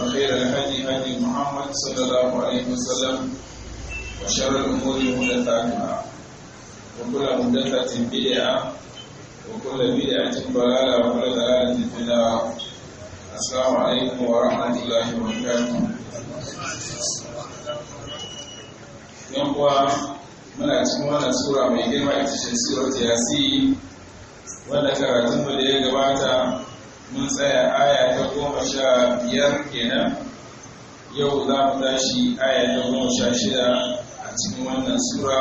وخير الهدي هدي محمد صلى الله عليه وسلم وشر الأمور محدثاتها وكل محدثة بدعة وكل بدعة ضلالة وكل ضلالة في النار السلام عليكم ورحمة الله وبركاته yan kuwa muna cikin wannan sura mai girma ita ce surat yasin wanda karatunmu da ya gabata mun tsaya aya ta goma sha biyar kenan yau za mu tashi aya ta goma sha shida a cikin wannan sura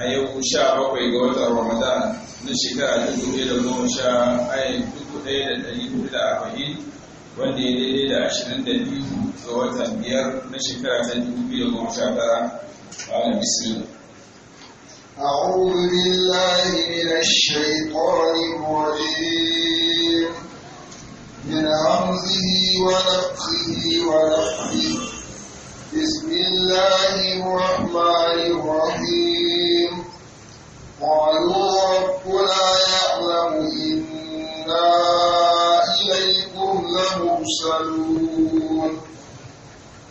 a yau sha bakwai ga watan ramadan na shekara dubu ɗaya da goma sha aya dubu ɗaya da ɗari hudu da arba'in wanda ya daidai da ashirin da biyu ga watan biyar na shekara ta dubu biyu da goma sha tara a bismillah أعوذ بالله من الشيطان الرجيم من عرضه ونفخه ونفخه بسم الله الرحمن الرحيم قالوا ربنا يعلم إنا إليكم لمرسلون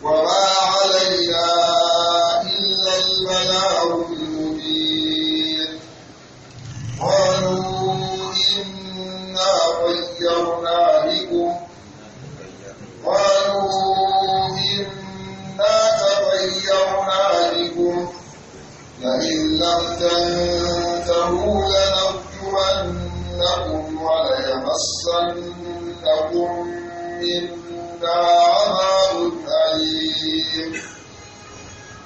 وما علينا إلا البلاغ المبين قالوا إنا غيرنا لم تنتهوا لنرجمنكم وليمسنكم منا عذاب أليم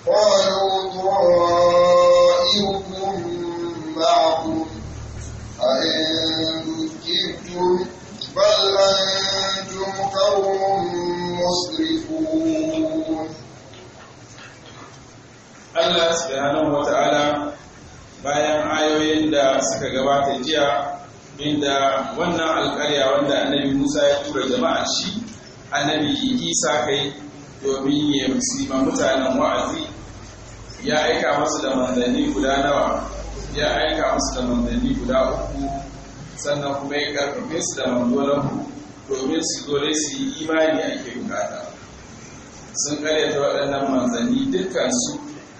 قالوا طائركم معكم أئن ذكرتم بل أنتم قوم مسرفون الله سبحانه وتعالى bayan ayoyin da suka gabata jiya inda wannan alƙarya wanda annabi musa ya tura jama'a shi annabi isa kai domin ya musima mutanen wa'azi ya aika masu da manzanni guda nawa ya aika masu da manzanni guda uku sannan kuma ya karfafe su da manzonanku domin su zo su yi imani ake bukata sun karyata waɗannan manzanni dukkan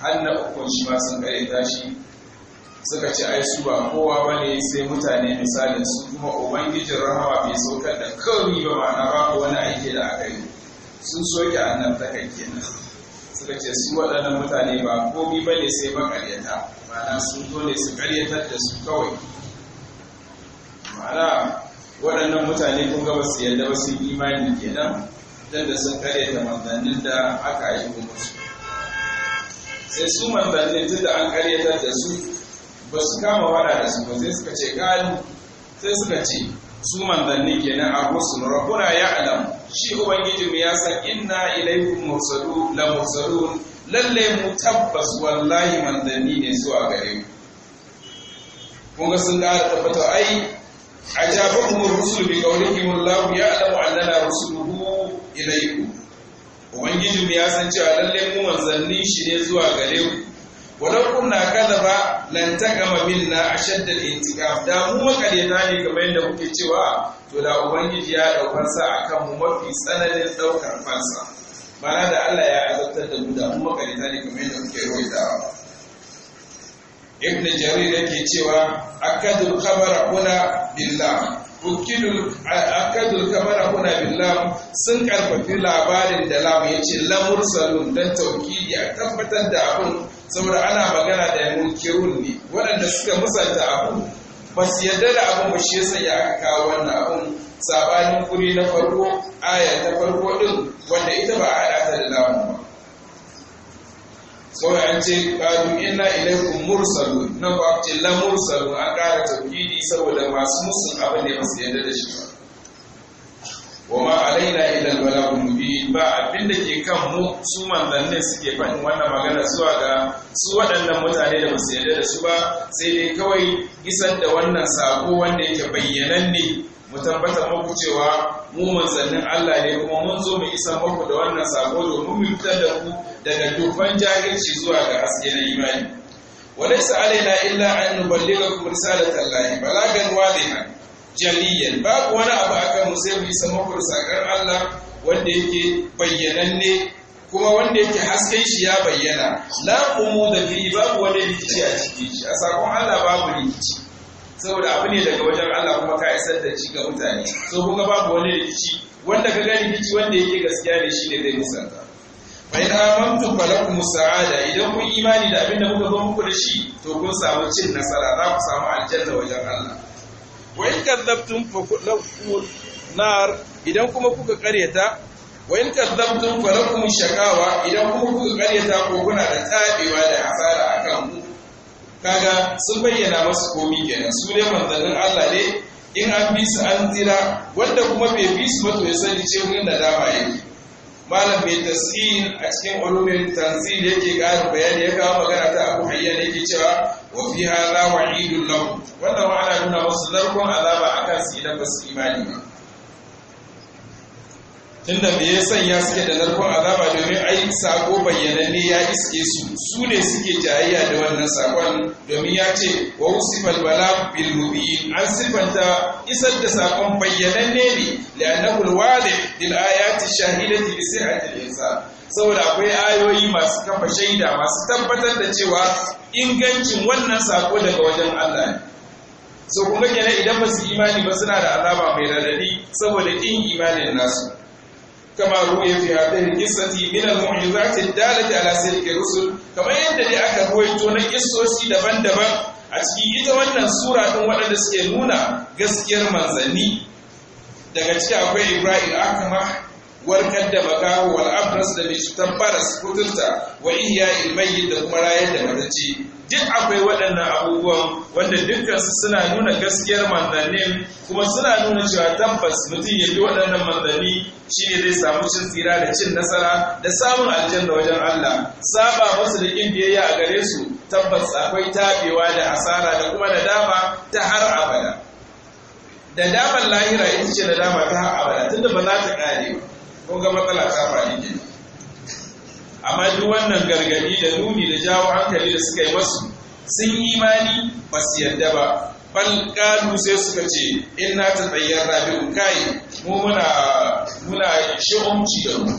har na ukun shi ma sun karyata shi suka ce ai su ba kowa ba ne sai mutane misalin su kuma ubangijin rahama bai saukar da kawai ba ma'ana babu wani aiki da aka yi sun soke daga kenan suka ce su waɗannan mutane ba komi ba ne sai makaryata ma'ana sun zo ne su karyatar da su kawai ma'ana waɗannan mutane kun gaba su yadda ba sun imani kenan don da sun karyata manzannin da aka yi musu sai su manzannin tun da an karyatar da su ba su kama wada da su ba sai suka ce kalu sai suka ce su manzanni kenan a rusul rabbuna alam shi ubangiji mu ya san inna ilaikum mursalu la mursalun lalle mu tabbas wallahi manzanni ne zuwa gare mu kun ga sun da tabbata ai ajabakum ar-rusul bi qawlihim Allah ya'lamu annana rusuluhu ilaikum ubangiji mu ya san cewa lalle mu manzanni shi ne zuwa gare mu walau kunna kadaba lan tagama minna ashadd al-intiqam da mu makareta ne kamar yadda kuke cewa to da ubangiji ya daukar sa akan mu mafi tsananin daukar fansa mana da Allah ya azabtar da mu da mu makareta ne kamar yadda kuke rawaitawa ibn jarir yake cewa akadul khabara kuna billah ukidul akadul khabara kuna billah sun karfafi labarin da lamu yace la mursalun dan tauhidi ya tabbatar da abun saboda ana magana da munkirun ne waɗanda suka musanta abu ba su yadda da abin ba shi yasa ya aka kawo wannan abin sabanin kuri na farko aya ta farko ɗin wanda ita ba a haɗa ta da lamu ba sau an ce qalu inna ilaykum mursalu nan ba ce la an ƙara tauhidi saboda masu musun abin da ba su da shi ba wa ma alaina illa al-balagh ba abinda ke kan mu su manzannin suke faɗin wannan magana zuwa ga su waɗannan mutane da basu yarda da su ba sai dai kawai isar da wannan sako wanda yake ne mu tabbatar muku cewa mu manzannin Allah ne kuma mun zo mu isa muku da wannan sako domin mu fitar da ku daga dukkan jahilci zuwa ga haske na imani wa laysa alaina illa an nuballighakum allahi balagan wadihan jaliyan babu wani abu akan mu sai mu yi samakon sakar Allah wanda yake bayyananne kuma wanda yake hasken shi ya bayyana la qumu da fi babu wani rikici a cikin shi a sakon Allah babu rikici saboda abu ne daga wajen Allah kuma ka isar da shi ga mutane so kuma babu wani rikici wanda ka gani rikici wanda yake gaskiya ne shi ne zai musanta fa in amantu falakum sa'ada idan kun imani da abin da muka zo muku da shi to kun samu cin nasara za ku samu aljanna wajen Allah wa in kadzabtum fa lakum nar idan kuma kuka karyata wa in kadzabtum fa lakum shaqawa idan kuma kuka karyata ko kuna da tsabewa da hasara akan ku kaga sun bayyana masu komi kenan su ne manzannin Allah ne in an bi su an tsira wanda kuma bai bi su ba to ya sani ce wurin da dama yake malam mai tasirin a cikin ulumin tanzil yake ƙarin bayani ya kawo magana ta abu hayyan yake cewa wa fi hadha wa'idun lahum wannan ana nuna wasu narkon azaba akan su idan ba su imani ba tunda me ya sanya suke da narkon azaba domin ai sako bayyananne ya iske su su ne suke jayayya da wannan sakon domin ya ce wa usifal bala bil mubin an sifanta isar da sakon bayyananne ne li'annahu al-wadi lil ayati shahidati bi sihhati al-insan saboda akwai ayoyi masu kafa shaida masu tabbatar da cewa ingancin wannan sako daga wajen Allah ne so kuma kenan idan ba su imani ba suna da azaba mai radadi saboda in imanin nasu كما روي في هذه القصة من المعجزات الدالة على سلك الرسل كما يندل هو يتونى نقصوشي دبان دبان أتكي إذا وانا سورة وانا سكينونا قسكير منزني daga ciki akwai Ibrahim Akama warkar da bakawo wal abras da mai cutar baras kuturta wa iya ilmayi da kuma rayar da matace duk akwai waɗannan abubuwan wanda dukkansu suna nuna gaskiyar manzanni kuma suna nuna cewa tabbas mutum ya bi waɗannan manzanni ne zai samu cin tsira da cin nasara da samun aljanna wajen Allah saba musu da ƙin biyayya a gare su tabbas akwai tabewa da asara da kuma da dama ta har abada da damar lahira ita ce da dama ta har abada tunda ba za ta kare ko ga matsala ta faɗi amma duk wannan gargadi da nuni da jawo hankali da suka yi masu sun yi imani ba su yarda ba bal kalu sai suka ce in na ta tsayar rabi'u kai mu muna muna shi'umci da mu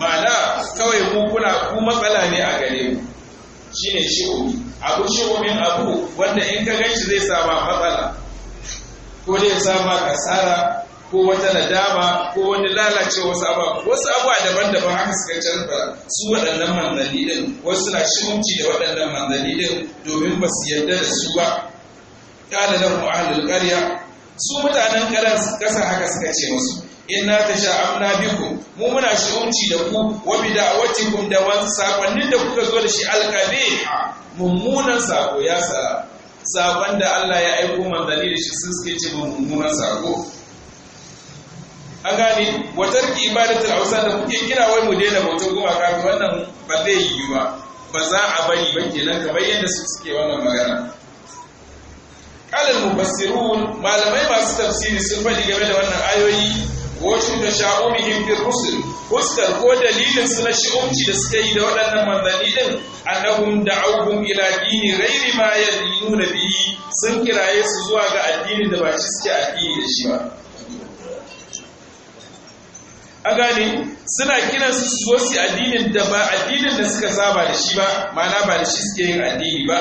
ma'ana kawai mu kuna ku matsala ne a gare mu shine shi'umi abu shi'umin abu wanda in ka ganshi zai sama matsala ko dai sama kasara ko wata nadama ko wani lalace wasu abubuwa wasu abubuwa daban-daban haka suka canza su waɗannan manzanni ɗin, wasu na shimunci da waɗannan manzanni ɗin domin ba su yarda da su ba kana lahu ahlul qarya su mutanen ƙaran ƙasa haka suka ce musu inna tasha'amna bikum mu muna shi'unci da ku wacce kun da wasu sakonnin da kuka zo da shi alƙabe mummunan sako ya sa saƙon da Allah ya aiko manzanni da shi sun suke ce mummunan sako an gane wa tarki ibadatul awsan da kuke kira wai mu daina bautar gumaka wannan ba zai yi ba ba za a bari ba kenan kamar yadda su suke wannan magana kalal mufassirun malamai masu tafsiri sun faɗi game da wannan ayoyi wasu da sha'umihim fil rusul fuskar ko dalilin suna na da suka yi da waɗannan manzanni din da da'awhum ila dini ghairi ma nuna bihi sun kiraye su zuwa ga addinin da ba shi suke addini da shi ba a gane suna kiran su su zo addinin da ba addinin da suka saba da shi ba ma'ana ba da shi suke yin addini ba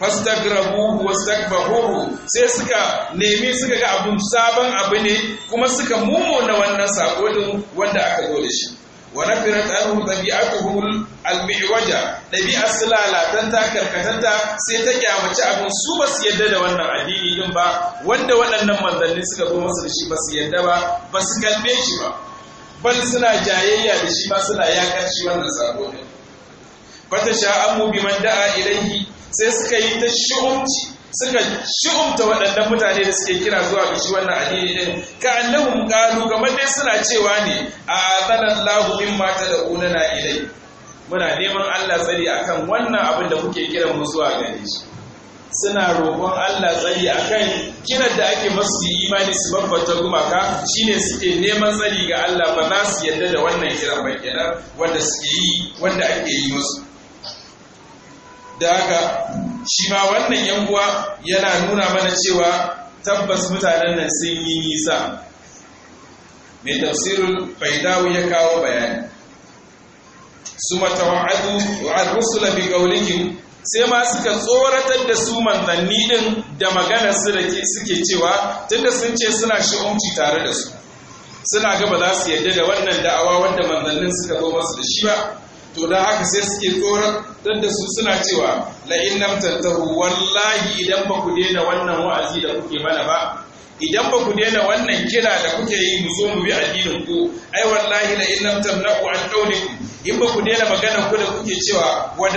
fastagrabuhu wastakbaruhu sai suka nemi suka ga abun sabon abu ne kuma suka mummuna wannan sako din wanda aka zo da shi wa nafira ɗabi'a tabi'atuhum al-mi'waja dabi'a sulalatan ta karkatanta sai ta kyamaci abin su ba su yadda da wannan addini din ba wanda waɗannan manzanni suka zo masa da shi ba su yadda ba ba su kalbe shi ba bal suna jayayya da shi ma suna ya shi wannan sabo ne kwata sha'amu bi man da'a ilaihi sai suka yi ta shu'umci suka shu'umta waɗannan mutane da suke kira zuwa ga shi wannan addini din ka annahum qalu kamar dai suna cewa ne a da mimma tad'una ilai muna neman Allah tsari akan wannan abin da kuke kiran mu zuwa gare shi suna roƙon Allah tsari kan kiran da ake masu yi imani su babbata gumaka shine suke neman tsari ga Allah ba za su yarda da wannan kiran ba kenan wanda suke yi wanda ake yi musu da haka shi ma wannan yan uwa yana nuna mana cewa tabbas mutanen nan sun yi nisa mai tafsirin faidawu ya kawo bayani su matawa'adu wa rusula bi qawlihim sai ma suka tsoratar da su manzanni din da maganar su da suke cewa tunda sun ce suna shi'unci tare da su suna ga ba za su yarda da wannan da'awa wanda manzannin suka zo masu da shi ba to da haka sai suke tsoratar da su suna cewa la'in in tantahu wallahi idan ba ku daina wannan wa'azi da kuke mana ba idan ba ku daina wannan kira da kuke yi mu zo mu bi addinin ku ai wallahi la in lam tamna'u an qawlikum in ba ku daina magana ku da kuke cewa wa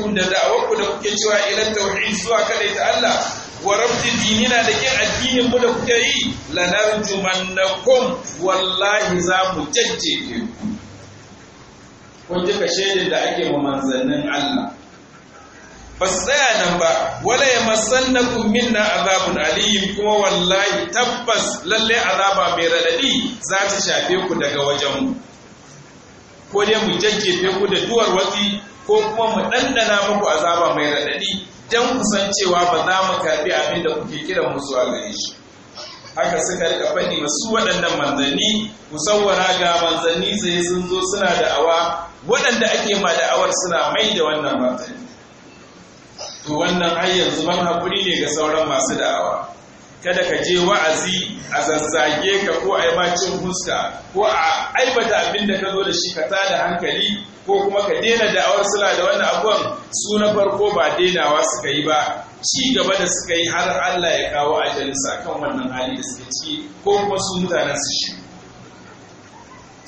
mun da ku da kuke cewa ila tauhid zuwa kada ta Allah wa rabbi dinina da ke addinin mu da kuke yi la narjumannakum wallahi za mu jajjeje ku kun ji da ake ma manzannin Allah ba su tsaya nan ba wala ya na minna azabun aliyin kuma wallahi tabbas lalle azaba mai raɗaɗi za ta shafe ku daga wajen mu ko dai mu jajjefe ku da duwar wasi ko kuma mu ɗanɗana muku azaba mai raɗaɗi don ku san cewa ba za mu karɓi abin da kuke kiran musu a gare shi haka suka rika faɗi su waɗannan manzanni musawwara ga manzanni sai sun zo suna da'awa waɗanda ake ma da'awar suna mai da wannan manzanni to wannan ai yanzu man hakuri ne ga sauran masu da'awa kada ka je wa'azi a zazzage ka ko a yi macin huska ko a aibata abin da ka zo da shi ka da hankali ko kuma ka daina da'awar sula da wannan abuwan su na farko ba dainawa suka yi ba ci gaba da suka yi har Allah ya kawo ajalinsa kan wannan hali da suke ciki ko kuma su mutanen su shi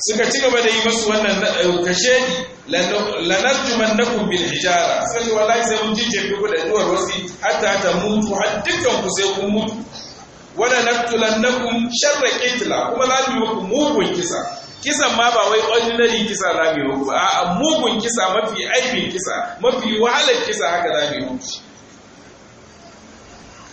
suka ci gaba da yi masu wannan eh, kashedi lanarjumannakum bil hijara sai wallahi sai mun jije ku da duwar wasi hatta ta mutu har dukkan ku sai kun mutu wala naqtulannakum sharra qitla kuma za mu muku mugun kisa kisan ma ba wai ordinary kisa za mu yi ba a'a mugun kisa mafi aibin kisa mafi wahalar kisa haka za mu yi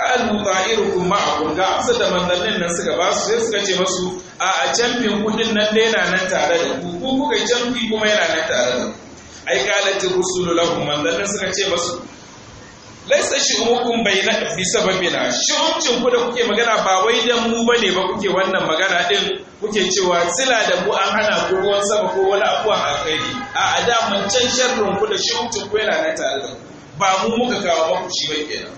qalu ta'irukum ma'akum ga amsa da manzannin nan suka ba su sai suka ce masu a a camfin kudin nan da yana nan tare da ku ku kuka camfi kuma yana nan tare da ku ai qalat rusulu lahum manzannin suka ce masu laisa shi'umukum baina bi sababina shi'umcin ku da kuke magana ba wai da mu bane ba kuke wannan magana din kuke cewa sila da mu an hana ko ruwan sama ko wani abuwa kai a da mun can ku da shi'umcin ku yana nan tare da ku ba mu muka kawo muku shi bai kenan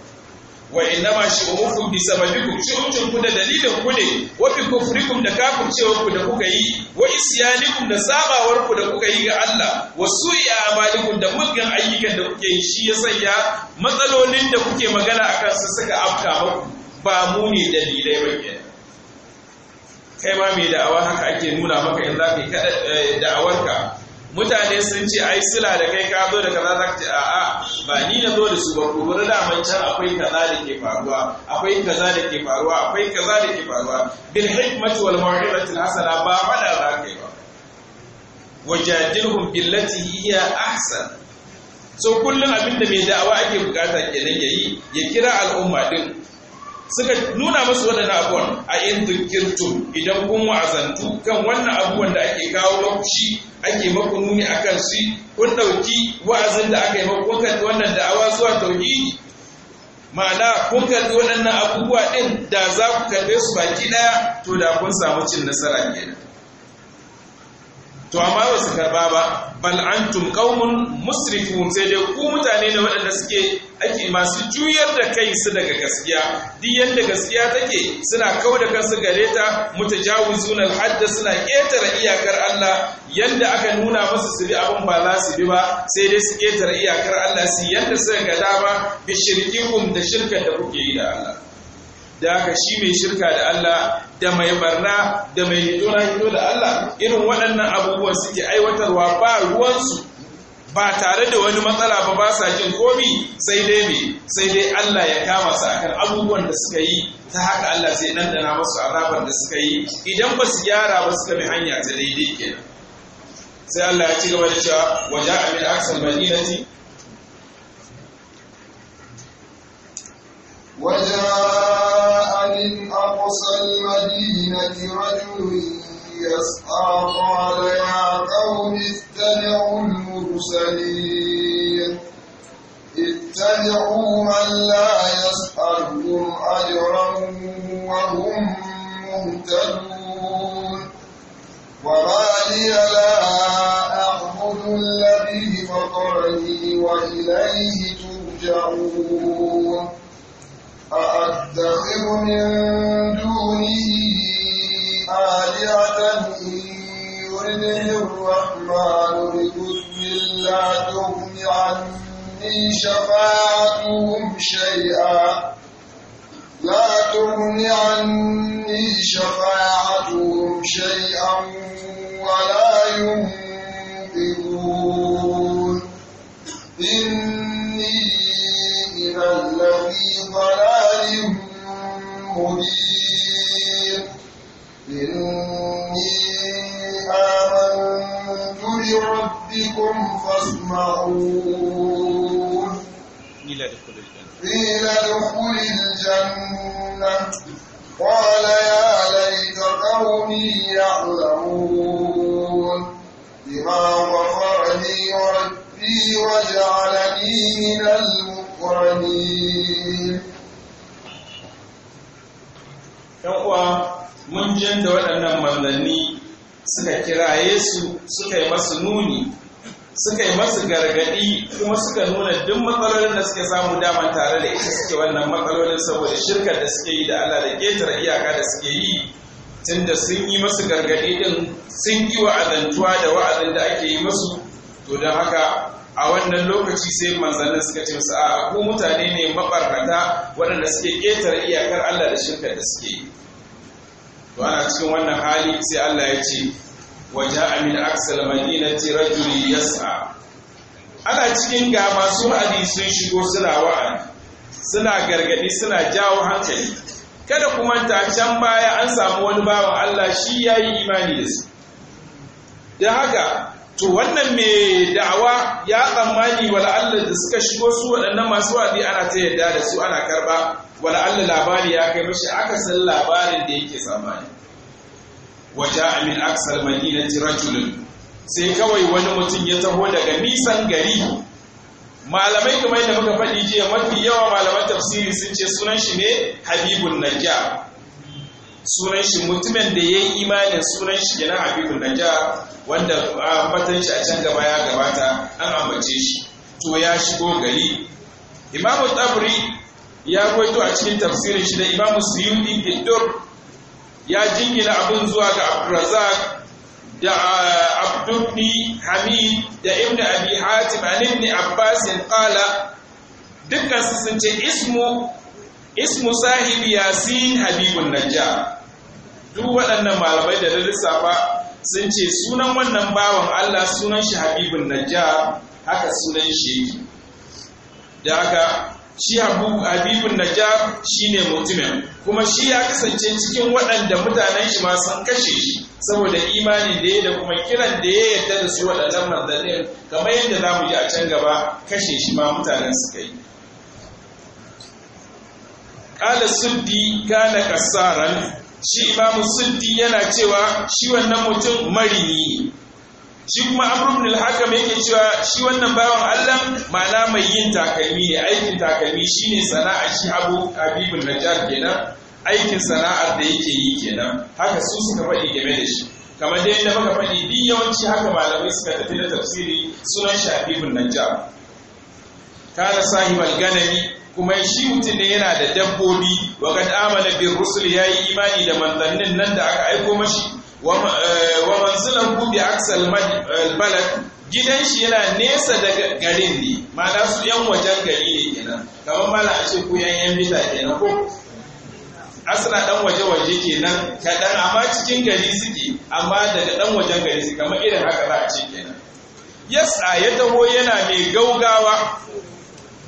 wa innama shu'ukum bi sababikum shu'ukum ku da dalilin ku ne wa bi kufrikum da kafircewar ku da kuka yi wa isyanikum da sabawar ku da kuka yi ga Allah wa su'i amalikum da mulkin ayyukan da kuke yi shi ya sanya matsalolin da kuke magana akan su suka afka muku ba mu ne dalilai ba ke kai ma mai da'awa haka ake nuna maka in za ka yi eh, da'awarka mutane sun ce ai sila da kai ka zo da kaza za ka ce a'a ba ni na zo da su ba kuma da man can akwai kaza da ke faruwa akwai kaza da ke faruwa akwai kaza da ke faruwa bil hikmati wal maw'izati hasana ba fada za ka yi ba wajadilhum billati hiya ahsan so kullum abinda mai da'awa ake bukata kenan yayi ya kira al'umma din suka nuna masu waɗannan abubuwan a in dukkirtu idan kun wa'azantu kan wannan abubuwan da ake kawo lokaci ake maku nuni a kan shi kun ɗauki wa'azin da aka yi maku kun karɓi wannan zuwa tauhidi ma'ana kun karɓi waɗannan abubuwa ɗin da za ku karɓe su baki ɗaya to da kun samu cin nasara kenan to amma ba su karba ba bal antum qaumun musrifun sai dai ku mutane ne waɗanda suke ake masu juyar da kai su daga gaskiya duk yanda gaskiya take suna kau da kansu gare ta mutajawizun al suna ƙetare iyakar Allah yanda aka nuna musu su bi abin ba za su bi ba sai dai su ƙetare iyakar Allah su yanda suka ga dama bi shirkikum da shirkan da kuke yi da Allah da haka shi mai shirka da Allah da mai barna da mai hidona hido da Allah irin waɗannan abubuwan suke aiwatarwa ba ruwansu ba tare da wani matsala ba ba sa jin komi sai dai me sai dai Allah ya kama su akan abubuwan da suka yi ta haka Allah zai dandana masu azabar da suka yi idan ba su gyara ba suka bi hanya ta daidai kenan sai Allah ya ci gaba da cewa waja'a min aksal madinati waja'a أقصى المدينة رجل يسعى قال يا قوم اتبعوا المرسلين اتبعوا من لا يسألكم أجرا وهم مهتدون وما لي لا أعبد الذي فطرني وإليه ترجعون أأتخذ من دونه آلهة إن يرده الرحمن بجزء لا تغن عني شفاعتهم شيئا لا تغن عني شفاعتهم شيئا ولا ينقذون إذا لفي ضلال مبين إني آمنت بربكم فاسمعون قيل ادخل الجنة قال يا ليت قومي يعلمون بما غفر لي وجعلني من المؤمنين mun da waɗannan manzanni suka kiraye su suka yi masu nuni suka yi masu gargaɗi kuma suka nuna duk matsalolin da suke samu daman tare da ita suke wannan matsalolin saboda shirkar da suke yi da Allah da ƙetare iyaka da suke yi tunda sun yi masu gargaɗi din sun yi wa'azantuwa da wa'azin da ake yi masu to don haka a wannan lokaci sai manzannin suka ce musu a ku mutane ne mabarkata waɗanda suke ƙetare iyakar Allah da shirka da suke to ana cikin wannan hali sai Allah ya ce waja'a min aksal madinati ya yas'a ana cikin ga masu wa'adi sun shigo suna wa'adi suna gargadi suna jawo hankali kada kuma ta can baya an samu wani bawan Allah shi yayi imani da su da haka to wannan mai da'awa ya tsammani wala Allah da suka shigo su waɗannan masu wa'azi ana ta yarda da su ana karba wala Allah labari ya kai mashi akasin labarin da yake tsammani waja min aksar madinati rajulun sai kawai wani mutum ya taho daga nisan gari malamai kamar da muka faɗi jiya mafi yawa malaman tafsiri sun ce sunan shi ne habibun najjar sunan shi mutumin da ya yi imanin sunan shi kenan Habibu naja wanda ah, ambatan shi a can gaba ya gabata an ambace shi to ya shigo gari imamu tabri ya rawaito a cikin tafsirin shi da imamu suyuti diddur ya jingina abun zuwa ga abdurrazak da ah, abdubni hamid da ibn abi hatim an ibn abbas qala dukkan sun ce ismu ismu sahib yasin habibun najjar duk waɗannan malamai da lissafa sun ce sunan wannan bawan Allah sunan shi habibun najjar haka sunan shi da haka shi habibun najjar shine mutumin kuma shi ya kasance cikin waɗanda mutanen shi ma sun kashe shi saboda imani da ya da kuma kiran da ya yarda da su waɗannan manzannin kamar yadda za mu ji a can gaba kashe shi ma mutanen suka yi kala siddi kana kasaran shi imamu suddi yana cewa shi wannan mutum mari ne shi kuma amru ibn al-hakam yake cewa shi wannan bawan Allah ma'ana mai yin takalmi ne aikin takalmi shine sana'a shi Abu Habibul Najjar kenan aikin sana'ar da yake yi kenan haka su suka faɗi game da shi kamar dai da muka faɗi bi yawanci haka malamai suka tafi da tafsiri sunan shi Habibul Najjar kana sahibal ganami kuma shi mutum ne yana da dabbobi wa kad amana bir rusul yayi imani da manzannin nan da aka aiko mashi wa eh, manzilan ku bi aksal eh, balad gidan shi yana nesa daga garin ne ma'ana su yan wajen gari ne kenan kamar mala a ce ku yan yan bita kenan ko asala dan waje waje kenan kaɗan amma cikin gari suke amma daga dan wajen gari suke kamar irin haka za a ce kenan yasa ya taho yana mai gaugawa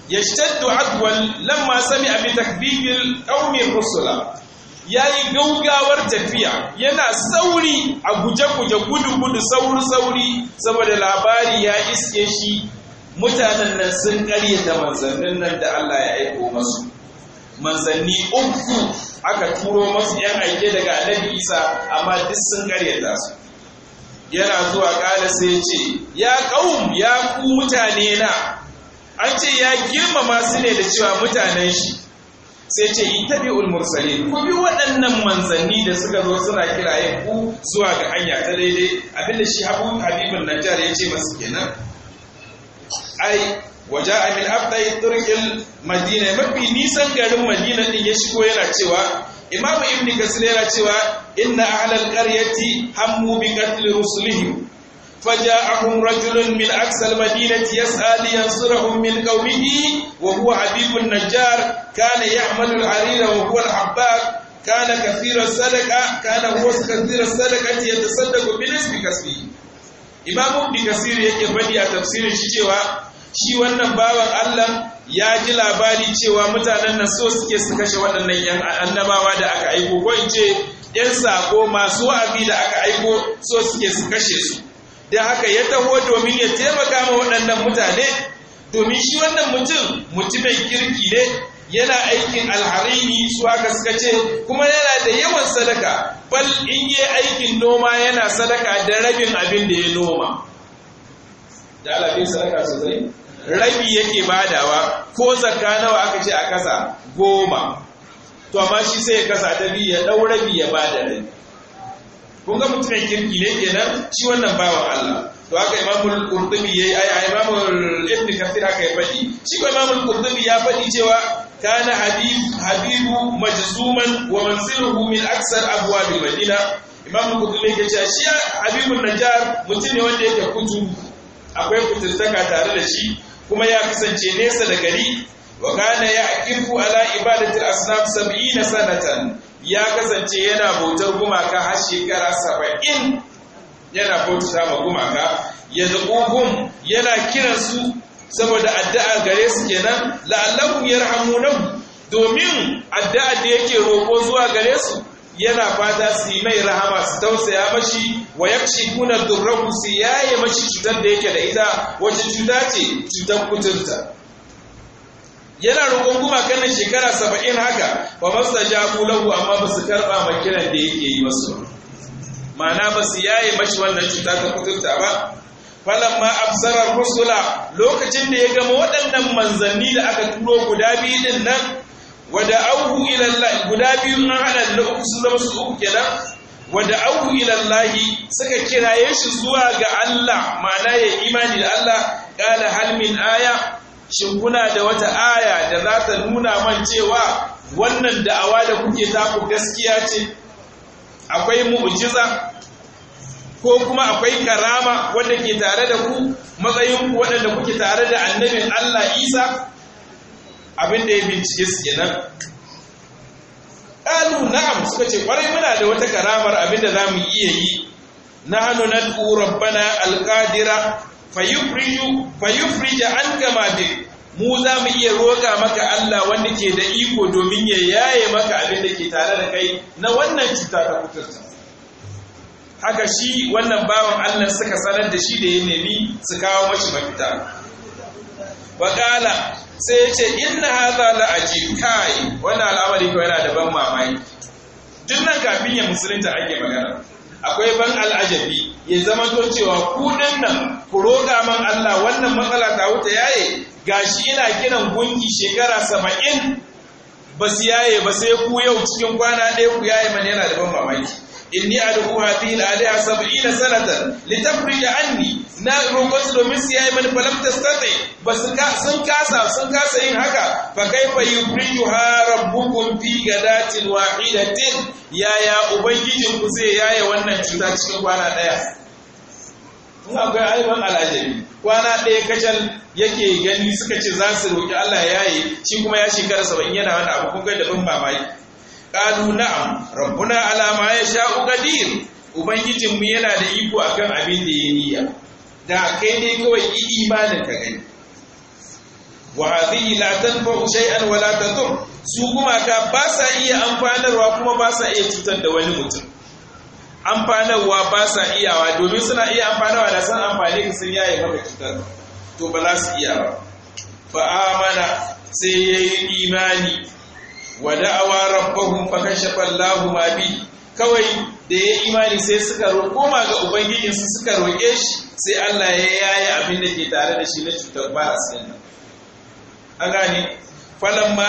yashtaddu adwal lamma sami'a bi takbibil qaumi rusula yayi gaugawar tafiya yana sauri a guje-guje gudu-gudu sauri-sauri saboda labari ya iske shi mutanen nan sun da manzannin nan da Allah ya aiko masu manzanni uku aka turo masu yan aike daga annabi isa amma duk sun karyata su yana zuwa kala sai ya ce ya kaum ya ku mutane na an ce ya girmama su ne da cewa mutanen shi sai ce yi tabi ulmursali ku bi waɗannan manzanni da suka zo suna kiraye ku zuwa ga hanya ta daidai abinda shi abu habibin jihar ya ce masu kenan ai waje amin abdai turkin madina mafi nisan garin madina din ya shigo yana cewa imamu ibn kasir yana cewa inna ahlal qaryati hammu bi qatl rusulihim فجاءهم رجل من أقصى المدينة يسعى لينصرهم من قومه وهو حبيب النجار كان يعمل العرير وهو الحباب كان كثير الصدقة كان هو كثير الصدقة يتصدق بنصف كسبه إمام ابن كثير yake faɗi a tafsirin shi wannan bawan Allah ya ji labari cewa mutanen nan so suke su kashe waɗannan ‘yan annabawa da aka aiko ko in ce ‘yan sako masu wa'azi da aka aiko so suke su kashe su. da haka ya taho domin ya taimaka ma waɗannan mutane domin shi wannan mutum mutumin kirki ne yana aikin alharini su aka suka ce kuma yana da yawan sadaka bal in yi aikin noma yana sadaka da rabin abin da ya noma da alabin sadaka sosai rabi yake badawa ko zakka nawa aka ce a kasa goma to amma shi sai ya kasa ta biyu ya ɗau rabi ya bada rabi kun ga mutumin kirki ne kenan shi wannan bawan Allah to haka imamul qurtubi yayi ai imamul ibn kathir haka ya faɗi shi ko imamul qurtubi ya faɗi cewa kana habib habibu majzuman wa manziluhu min aksar abwab al-madina imamul qurtubi yake cewa shi habibun najjar mutum ne wanda yake kutu akwai kutuntaka tare da shi kuma ya kasance nesa da gari wa kana yaqifu ala ibadati al-asnam 70 sanatan ya kasance yana bautar gumaka har shekara 70 yana bautar ma gumaka yadquhum yana su saboda addu'a gare su kenan la'allahum yarhamunahum domin addu'a da yake roƙo zuwa gare su yana fata su yi mai rahama su tausaya mashi wa yakshi kuna durrahu su yaye mashi cutar da yake da ita wacce cuta ce cutar kuturta yana roƙon kuma nan shekara saba'in haka ba masa jabu lahu amma ba su karɓa ma kiran da yake yi masu ma'ana ba su yaye mashi wannan cuta ta kuturta ba falamma absarar rusula lokacin da ya gama waɗannan manzanni da aka turo guda biyu din nan wada auhu ilallah guda biyu an hada da uku sun zama su uku kenan wada auhu ilallahi suka kiraye shi zuwa ga Allah ma'ana ya imani da Allah qala hal min aya shin kuna da wata aya da za ta nuna man cewa wannan da'awa da kuke taku gaskiya ce akwai mu'jiza ko kuma akwai karama wanda ke tare da ku matsayin ku waɗanda kuke tare da annabin Allah Isa abin da ya bincike su kenan qalu na'am suka ce kwarai muna da wata karamar abin da zamu iya yi nahnu nad'u rabbana alqadira fayufriju fayufrija anka ma bi mu za mu iya roƙa maka Allah wanda ke da iko domin ya yaye maka abin da ke tare da kai na wannan cuta ta kuturta haka shi wannan bawan Allah suka sanar da shi da ya nemi su kawo mashi mafita Baƙala sai ya ce inna hadha la ajib kai wannan al'amari kawai yana da ban mamaye. duk nan kafin ya musulunta ake magana akwai ban al'ajabi ya zama to cewa ku nan ku man Allah wannan matsala ta wuta yaye gashi ina kiran gunki shekara saba'in ba su yaye ba sai ku yau cikin kwana ɗaya ku yaye mani yana da ban mamaki inni ad'u hadhihi al-aliha sanatan sanatan litafrija anni na roƙonsu domin su yayi mani falam tastati ba sun kasa sun kasa yin haka fa kaifa yubrijuha rabbukum fi gadatin wahidatin yaya ubangijin ku zai yaye wannan cuta cikin kwana daya in akwai ayyukan alajabi kwana ɗaya kacal yake gani suka ce za su roƙi Allah ya yaye shi kuma ya shekara saba'in yana wani abu kun ga da ban mamaki kalu na'am rabbuna ala ma yasha'u qadir ubangijin mu yana da iko akan abin da ya niyya da kai ne kawai yi imanin ka gani wa hadhihi la tanfa'u shay'an wa la su kuma ka ba sa iya amfanarwa kuma ba sa iya cutar da wani mutum amfanarwa ba sa iyawa domin suna iya amfanarwa da san amfani ka sun yaye maka cutar to ba za su iya ba fa amana sai yayi imani wa da'awa rabbahum fa kashafa Allahu ma bi kawai da ya imani sai suka ma ga ubangijin su suka roƙe shi sai Allah ya yaye abin da ke tare da shi na cutar baras din nan an gane ma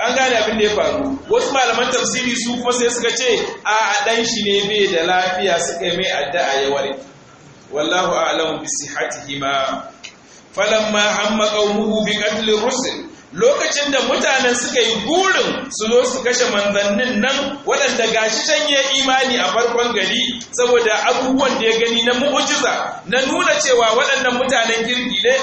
an gane abin da ya faru wasu malaman tafsiri su kuma sai suka ce a dan shi ne bai da lafiya suka yi mai addu'a ya ware wallahu a'lamu bi sihhatihima ma hamma qawmuhu bi qatl rusul lokacin da mutanen suka yi burin su zo su kashe manzannin nan waɗanda gashi can ya imani a farkon gari saboda abubuwan da ya gani na mu'ujiza na nuna cewa waɗannan mutanen girgi ne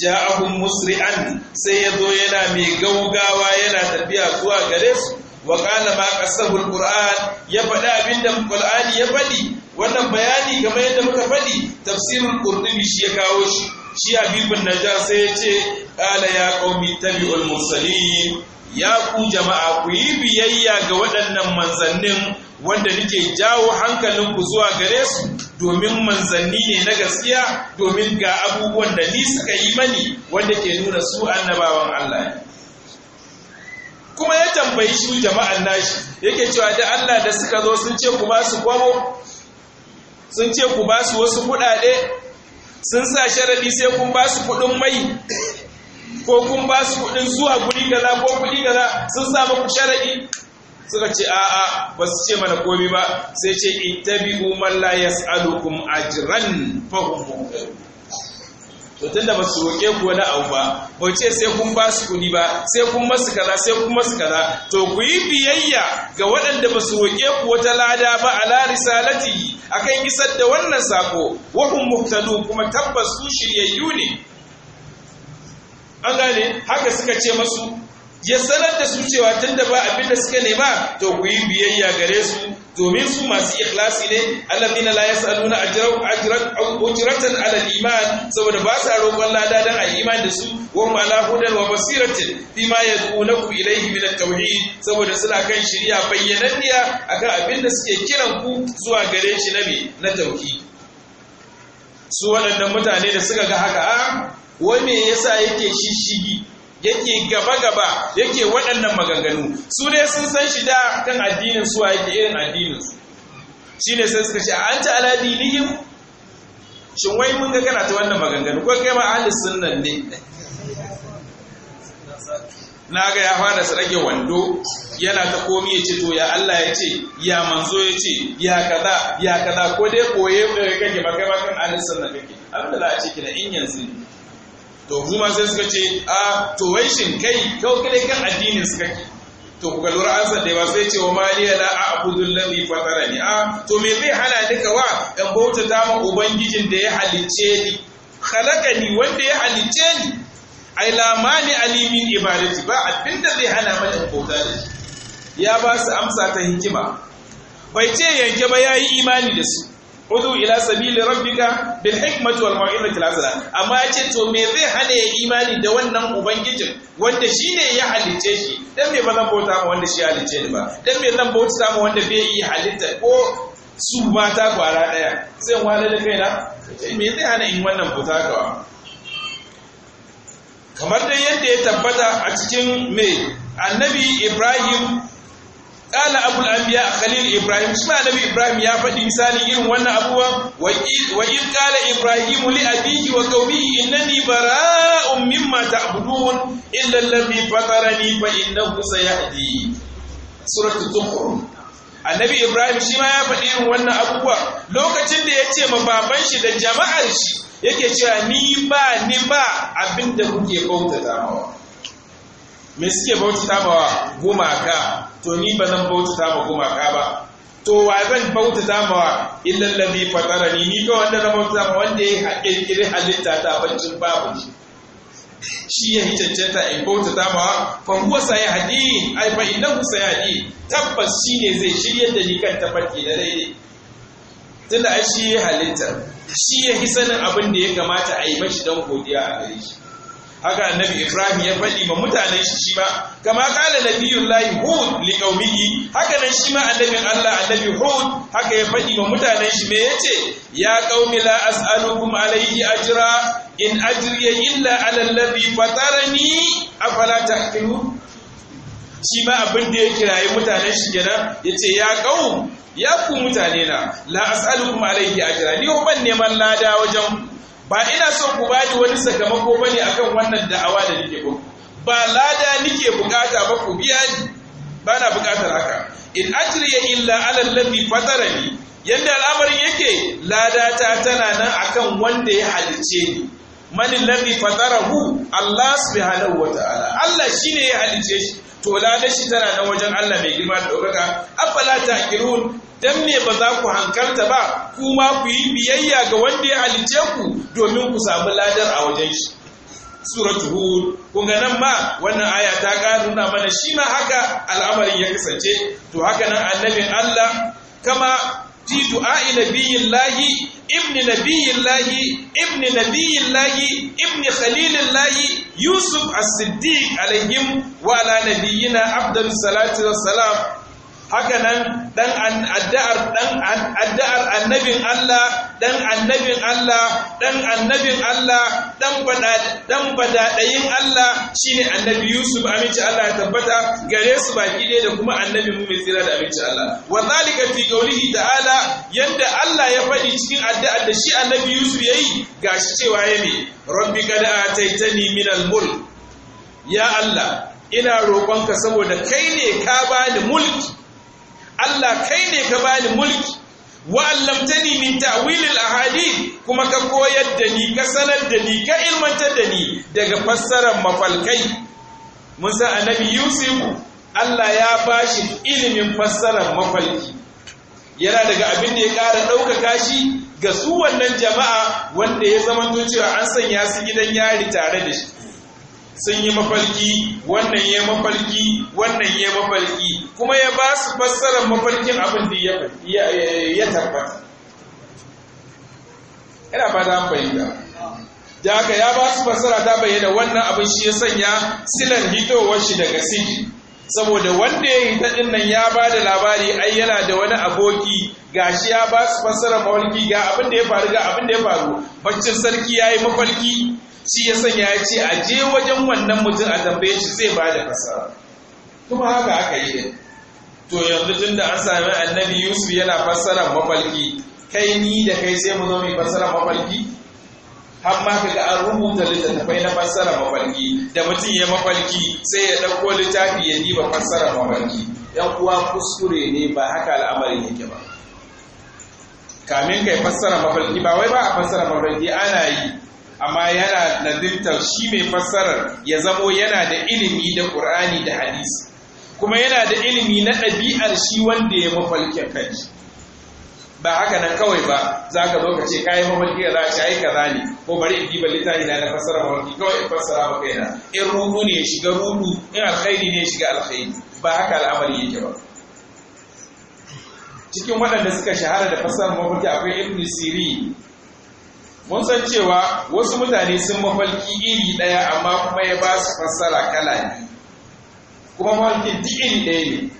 Ja ja'ahum musri'an sai ya zo yana mai gaugawa yana tafiya zuwa gare su wa qala ma qasahu alquran ya faɗi abinda alqur'ani ya faɗi wannan bayani game yadda muka faɗi tafsirul qurtubi shi ya kawo shi shi habibun najar sai ya ce ƙala ya ƙaumi tabi'ul mursalin ya ku jama'a ku yi biyayya ga waɗannan manzannin wanda nake jawo hankalin ku zuwa gare su domin manzanni ne na gaskiya domin ga abubuwan da ni suka yi mani wanda ke nuna su annabawan Allah kuma ya tambayi shi jama'an nashi yake cewa da Allah da suka zo sun ce ku ba su kwabo sun ce ku ba su wasu kuɗaɗe sun sa sharaɗi sai kun ba su kuɗin mai ko kun ba su kuɗin zuwa guri gaza ko kuɗi gaza sun sa muku sharaɗi suka ce a'a ba su ce mana komi ba sai ce ittabi'u man la yas'alukum ajran fahum muhtadun to tunda ba su roƙe ku wani abu ba ba ce sai kun ba su kuni ba sai kun masu kaza sai kun masu kaza to ku yi biyayya ga waɗanda ba su roƙe ku wata lada ba ala risalati akan isar da wannan sako wa hum kuma tabbas su shiryayyu ne an gane haka suka ce masu ya sanar da su cewa tunda ba abinda suka nema to ku yi biyayya gare su domin su masu ikhlasi ne alladina la yasaluna ajran ajran aw ujratan ala iman saboda ba sa roƙon lada dan a iman da su wa ma la hudan wa basiratin bima yad'unaku ilayhi min at-tauhid saboda suna kan shari'a bayyananniya akan abin da suke kiran ku zuwa gare shi nabi na tauhid su waɗannan mutane da suka ga haka a wai me yasa yake shishigi yake gaba-gaba yake waɗannan maganganu su ne sun san shi da kan addinin su yake irin addinin su shi ne sai suka ce an ta ala dinihim shin wai mun ga kana ta wannan maganganu ko kai ma ahli sunnan ne na ga ya fara su rage wando yana ta komi ya ce to ya Allah ya ce ya manzo ya ce ya kaza ya kaza ko dai koye eh, kake ba kai ma kan kake abinda za a ce kina in yanzu to ma sai suka ce a to wai shin kai kau kai kan addinin suka ki to ku kalwar ansa da ba sai ce wa maliya la a abudul ladhi fatarani a to me zai hana duka wa in bauta ta ma ubangijin da ya halicce ni khalaqani wanda ya halicce ni ai la mani alimin ibadati ba abinda zai hana mana bauta da ya ba su amsa ta hikima bai ce yanke ba yayi imani da su udu ila sabili rabbika bil hikmati wal mau'izati al hasana amma yace to me zai hane imani da wannan ubangijin wanda shine ya halice shi dan me bazan bauta ma wanda shi ya halice ni ba dan me zan bauta ma wanda bai yi halitta ko su ma ta kwara daya zan wani da kaina eh, me zai hana in wannan bauta kawa kamar dai yadda ya tabbata a cikin me annabi Ibrahim qala abul anbiya khalil ibrahim ma nabi ibrahim ya faɗi misali irin wannan abubuwan wa in kala ibrahim li abihi wa qawmihi innani bara'un mimma ta'budun illa alladhi fatarani fa innahu sayahdi suratul zukhruf annabi ibrahim shi ma ya faɗi irin wannan abubuwa lokacin da ya ce ma baban shi da jama'ar shi yake cewa ni ba ni ba abinda kuke bauta mawa me suke bauta mawa gumaka to ni ba zan bautata ma gumaka ba to wa zan bautata ma illa allazi fatarani ni ko wanda na bautata ma wanda ya kirkiri halitta ta bancin babu shi ya cancanta in bautata ma fa huwa sayahdi ai fa innahu sayahdi tabbas shi ne zai shiryar da ni kan tafarki da rai tunda ai shi ya halitta shi ya sanin abin da ya kamata a yi mashi don godiya a gare shi haka annabi ibrahim ya faɗi ma mutanen shi shi ma kama kala nabiyullahi hud li qaumihi haka nan shi ma annabin allah annabi hud haka ya faɗi ma mutanen shi me yace ya qaumi la as'alukum alayhi ajra in ajriya illa ala alladhi fatarani afala tahqilun shi ma abin da ya kiraye mutanen shi kenan yace ya qaum ya ku mutane na la as'alukum alayhi ajra ni ban neman lada wajen ba ina son ku bani wani sakamako ne akan wannan da'awa da nake ku ba lada nake bukata ba ku biya ni bana bukatar haka in ajriya illa ala allazi fatarani yanda al'amarin yake lada ta tana nan akan wanda ya halice ni man allazi fatarahu Allah subhanahu wa ta'ala Allah shine ya halice shi to lada shi tana nan wajen Allah mai girma da ɗaukaka afala ta'qilun dan me ba za ku hankalta ba kuma ku yi biyayya ga wanda ya halice ku domin ku samu ladar a wajen shi suratu hud kun ga nan ma wannan aya ta ƙara nuna mana shi ma haka al'amarin ya kasance to haka nan annabin Allah kama fi du'a'i nabiyillahi ibni nabiyillahi ibni nabiyillahi ibni khalilillahi yusuf as-siddiq alaihim wa ala nabiyyina afdalus salatu wassalam haka nan ɗan addu'ar dan addu'ar annabin Allah ɗan annabin Allah ɗan annabin Allah ɗan bada dan badadayin Allah shine annabi Yusuf aminci Allah ya tabbata gare su baki ɗaya da kuma annabi mu mai tsira da aminci Allah wa zalika fi qawlihi ta'ala yadda Allah ya faɗi cikin addu'ar da shi annabi Yusuf yayi gashi cewa ne. rabbi kad ataitani min al ya Allah ina roƙonka saboda kai ne ka bani mulki Allah kai ne ka bani mulki wa allamtani min ta'wilil ahadith kuma ka koyar da ni ka sanar da ni ka ilmantar da ni daga fassarar mafalkai mun san annabi Yusuf Allah ya bashi ilimin fassarar mafalki yana daga abin da ya ƙara ɗaukaka shi ga su wannan jama'a wanda ya zama cewa an sanya su gidan yari tare da shi sun yi mafarki wannan ya mafarki wannan ya mafarki kuma ya ba su fassarar mafarkin abin da ya tabbata ina ba da fahimta da haka ya ba su fassara ta bayyana wannan abin shi ya sanya silan hitowar shi daga siji saboda wanda ya hita din nan ya ba da labari ai yana da wani aboki shi ya ba su fassara mafarki ga abin da ya faru ga abin da ya faru baccin sarki ya yi mafarki. shi ya sanya ya ce a je wajen wannan mutum a tambaye shi zai ba da fasara kuma haka aka yi din to yanzu tun da an sami annabi yusuf yana fassara mafalki kai ni da kai sai mu zo mai fassara mafalki har ma kaga an rubuta littattafai na fassara mafalki da mutum ya mafalki sai ya ɗauko littafi ya diba fassara mafalki yan uwa kuskure ne ba haka al'amarin yake ba kamin kai fassara mafalki ba wai ba a fassara mafalki ana yi amma yana lazimtar shi mai fassarar ya zamo yana da ilimi da ƙur'ani da hadisi kuma yana da ilimi na ɗabi'ar shi wanda ya mafalke kanshi ba haka nan kawai ba za ka zo ka ce kayi mafalki ka za a shayi ka zane ko bari in diba littafi na fassara mafalke kawai in fassara maka yana in rudu ne ya shiga rudu in alkhairi ne ya shiga alkhairi ba haka al'amari yake ba cikin waɗanda suka shahara da fassarar mafalke akwai ibn siri mun san cewa wasu mutane sun mafalki iri ɗaya amma kuma ya ba su fassara kala ne kuma mafalki duk iri ɗaya ne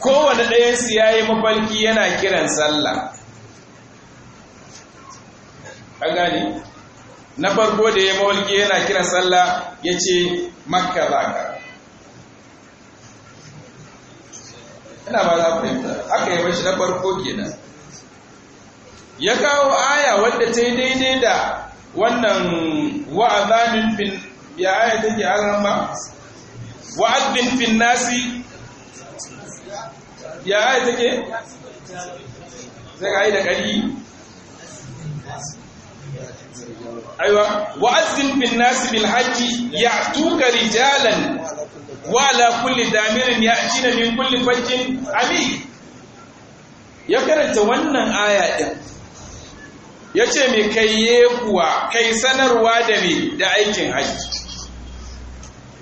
kowane ɗayansu ya yi mafalki yana kiran sallah an gani na farko da ya mafalki yana kiran sallah ya ce makka za ina ba za fahimta aka yi mashi na farko kenan ya kawo aya wanda ta yi daidai da wannan wa'adhanin fin ya aya an alhamma wa'adin fin nasi ya aya take ke zai kayi da kari aiwa wa'azin fin nasi bil haji ya tuka rijalan wa la kulli damirin ya ci min kulli fajjin ami ya karanta wannan aya din ya ce mai kai kuwa kai sanarwa da mai da aikin hajji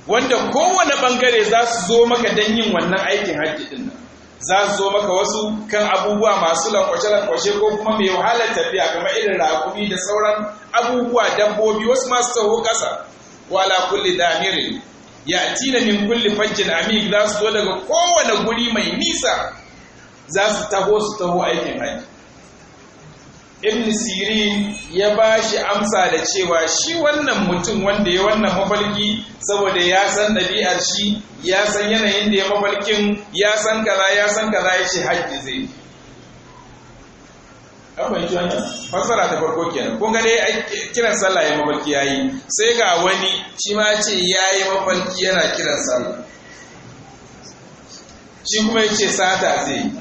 wanda kowane bangare za su zo maka don yin wannan aikin hajji din nan za su zo maka wasu kan abubuwa masu lankwashe-lankwashe ko kuma mai wahalar tafiya kamar irin rakumi da sauran abubuwa dabbobi wasu masu taho kasa wala kulli damirin ya tina min kulli fajjin amik za su zo daga kowane guri mai nisa za su taho su taho aikin hajji ibn sirin ya ba shi amsa da cewa shi wannan mutum wanda ya wannan mafalki saboda ya san ɗabi'ar shi ya san yanayin da ya mafalkin ya san kaza ya san kaza ya ce hajji zai abinci wannan fassara ta farko kenan kun gane kiran sallah ya mafalki yi? sai ga wani shi ma ce ya yi mafalki yana kiran sallah shi kuma ya ce sata zai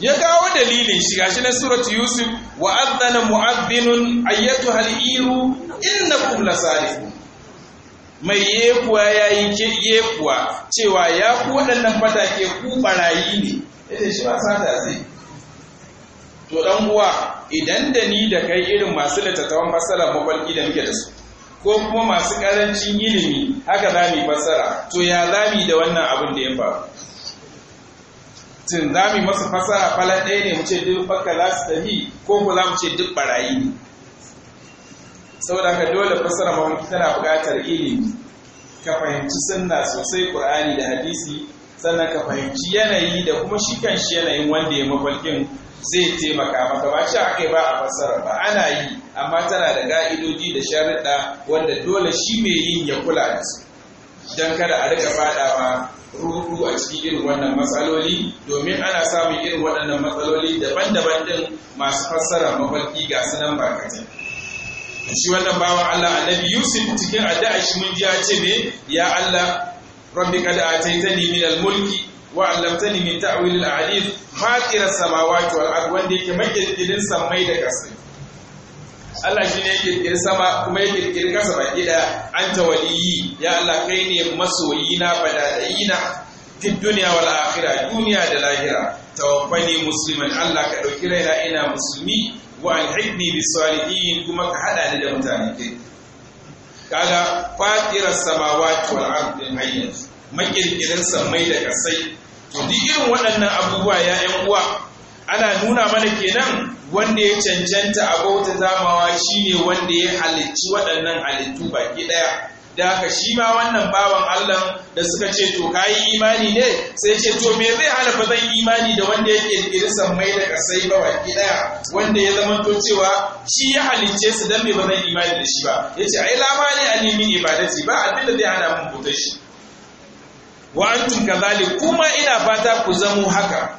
ya kawo dalilin shi gashi na surat yusuf wa adana mu'abbinun ayyatu haliru innakum lasalihun mai yekuwa ya yi yekuwa cewa ya ku waɗannan ke ku barayi ne ita shi ba sata zai to dan uwa idan da ni da kai irin masu littattafan fasara mafarki da muke da su ko kuma masu ƙarancin ilimi haka za mu fassara to ya zami da wannan abin da ya faru tun za mu yi masa fasara fala ɗaya ne mu ce duk bakala su tafi ko mu za mu ce duk barayi ne saboda ka dole fasara wani tana buƙatar ilimi ka fahimci sunna sosai ƙur'ani da hadisi sannan ka fahimci yanayi da kuma shi kan shi yanayin wanda ya mafalkin, zai taimaka maka ba shi aka ba a fasara, ba ana yi amma tana da ga'idoji da sharuɗa wanda dole shi mai yin ya kula da su don kada a rika faɗawa rubutu a cikin irin wannan matsaloli domin ana samun irin waɗannan matsaloli daban-daban ɗin masu fassara mafarki ga sunan barkatai shi wannan bawan Allah annabi Yusuf cikin addu'a shi mun ji ya ce me ya Allah rabbi qad ataitani min al-mulki wa 'allamtani min ta'wil al-ahadith fatir as-samawati wal ard wanda yake makirkirin samai da kasai Allah shi ne kirkiri sama kuma ya kirkiri kasa baki da an waliyi ya Allah kai ne na masoyina na fi duniya wal akhirah duniya da lahira tawaffani musliman Allah ka dauki raina ina musulmi wa alhidni bis salihin kuma ka hada ni da mutane kai kaga fatira samawati wal ardi hayyan makirkirin samai da kasai to duk irin waɗannan abubuwa ya ƴan uwa ana nuna mana kenan wanda ya cancanta a bauta zamawa shine wanda ya halicci waɗannan halittu baki ɗaya da aka shi ma wannan bawan Allah da suka ce to kayi imani ne sai ce to me zai hana ba imani da wanda ya kirkiri sammai da kasai ba baki ɗaya wanda ya zama to cewa shi ya halicce su dan me ba zan imani da shi ba yace ai lamani alimin ibadati ba abinda zai hana mun bautar shi wa antum kuma ina fata ku zamo haka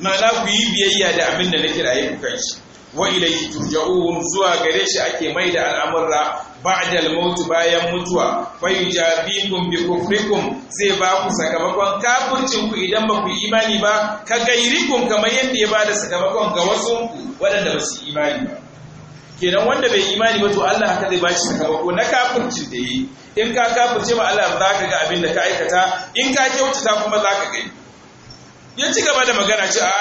ma'ana ku yi biyayya da abin da na kiraye ku kai shi wa ilayhi turja'un zuwa gare shi ake mai da al'amurra ba'da al-maut bayan mutuwa fa yujabikum bi kufrikum zai ba ku sakamakon kafircin ku idan ba ku imani ba ka gairikum kamar yadda ya bada sakamakon ga wasu waɗanda ba su imani ba kenan wanda bai imani ba to Allah haka zai shi sakamako na kafircin da yi in ka kafirce ma Allah za ka ga abin da ka aikata in ka kyautata kuma za ka gani ya ci gaba da magana ce a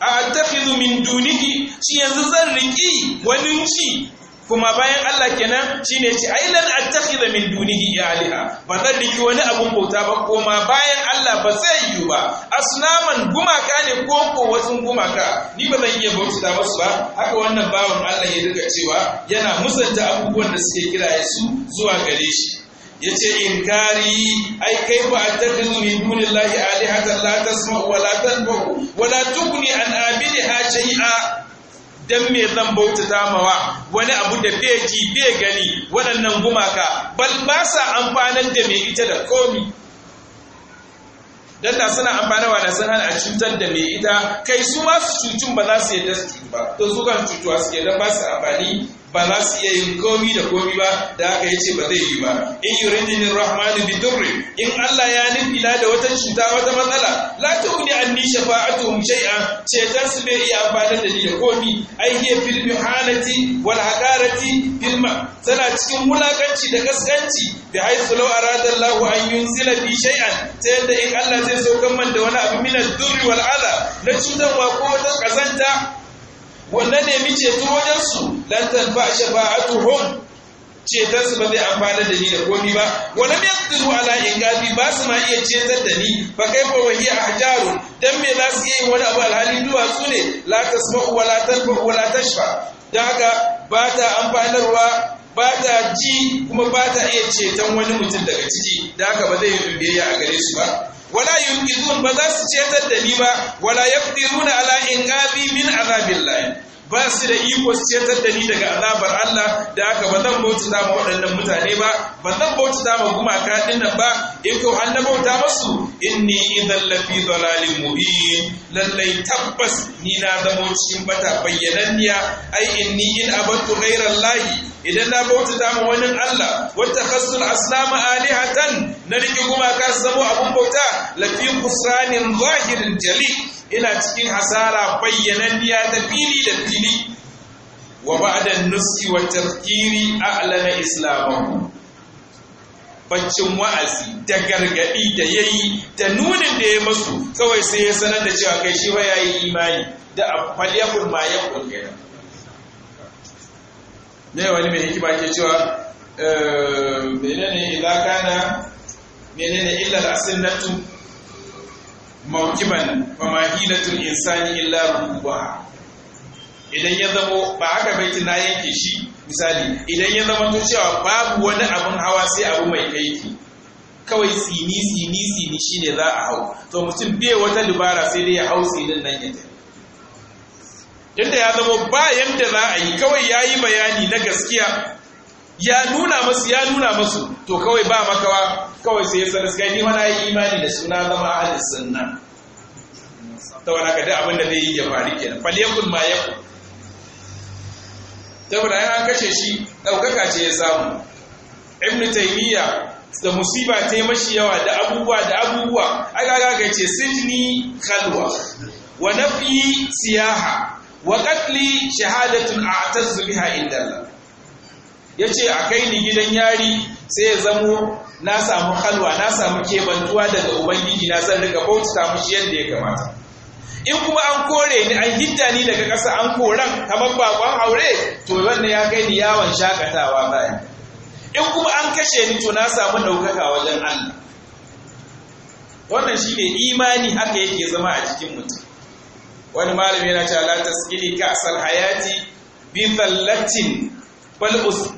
attakhidhu min dunihi shi yanzu zan riki wani ci kuma bayan Allah kenan shine ce ai lan attakhidha min dunihi ilaha ba zan riki wani abun bauta ba kuma bayan Allah ba zai yi ba asnaman gumaka ne ko ko wasu gumaka ni ba zan iya bauta musu ba haka wannan bawan Allah ya riga cewa yana musanta abubuwan da suke kira su zuwa gare shi yace inkari ai kaifa atadu min dunillahi alihatan la tasma wa la tanbu wa la tughni an yi shay'a dan me zan bauta mawa wani abu da bai ji bai gani waɗannan gumaka bal ba sa amfanar da mai ita da komi dan da suna wa da sun hana a cutar da mai ita kai su masu cutun ba za su yi da ba to su kan cutuwa suke dan ba su amfani ba za su iya yin komi da komi ba da aka yi ce ba zai yi ba in yuridin rahmanu bi durri in Allah ya nufila da wata cuta wata matsala la tughni anni shafa'atuhum shay'a cetan su bai iya amfani da ni da komi ai ke fil bihanati wal hadarati fil tana cikin mulakanci da kaskanci da haythu a arada lahu an yunzila bi shay'an ta yadda in Allah zai so kan da wani abu min ad-durri na cutar ko wata kazanta wannan nemi ceto wajensu lan tanfa shafa'atuhum cetonsu ba zai amfana da ni da komi ba wani mai tsiru ala ingabi ba su ma iya cetar da ni ba kai fa wahi a hajaru dan me za su iya yin wani abu alhali duwatsu ne la tasma'u wa la ba. wa la haka ba ta amfanarwa ba ta ji kuma ba ta iya ceton wani mutum daga ciki dan haka ba zai yi biyayya a gare su ba wala yunqizun ba za su cetar da ni ba wala yaqdiruna ala ingabi min azabillah ba su da iko su cetar da ni daga azabar Allah da aka ba zan bauta ma waɗannan mutane ba ba zan bauta ma gumaka nan ba in ko an na bauta masu inni idan lafi dalalin mubin lallai tabbas ni na zamo cikin bata bayyananniya ai inni in abattu ghairal lahi idan na bauta ma wani Allah wata khassul aslama alihatan na riki kuma ka zamo abun bauta lafi kusanin zahirin jali ina cikin hasara bayyananniya ta fili da fili wa ba'da nusi wa tarkiri a'lana islamahu baccin wa'azi da gargaɗi da yayi da nunin da ya masu kawai sai ya sanar da cewa kai shi ba yayi imani da afaliyakul ma yakul kenan ne wani mai hikima ke cewa eh, menene idan kana menene illa al-asinnatu mawkiban wa hilatul insani illa rubuha idan ya zamo ba haka baiti na yanke shi misali idan ya zama to cewa babu wani abun hawa sai abu mai kaiki kawai tsini tsini tsini shine za a hau to mutum bai wata dubara sai dai ya hau tsinin nan ya yadda ya zama ba yadda za a yi kawai ya yi bayani na gaskiya ya nuna masu ya nuna masu to kawai ba makawa kawai sai ya sanar suka yi mana yi imani da suna zama ahalin sunna ta wani ka da abin da zai yi ya faru kenan falyakun ma yakun saboda an kashe shi ɗaukaka ce ya samu ibn taymiya da musiba ta yi mashi yawa da abubuwa da abubuwa aka gaga ce sinni khalwa wa nafi siyaha wa qatli shahadatun a'tazzu biha inda Allah yace a kai ni gidan yari sai ya zamo na samu kalwa, na samu kebantuwa daga ubangiji na zan rika bautata mushi yadda ya kamata in kuma an kore ni an hidda ni daga ƙasa an koran kamar baƙon aure to wanda ya kai ni yawon shakatawa bayan in kuma an kashe ni to na samu ɗaukaka wajen Allah wannan shine imani haka yake zama a cikin mutum wani malami yana cewa la ka asal hayati bi thallatin bal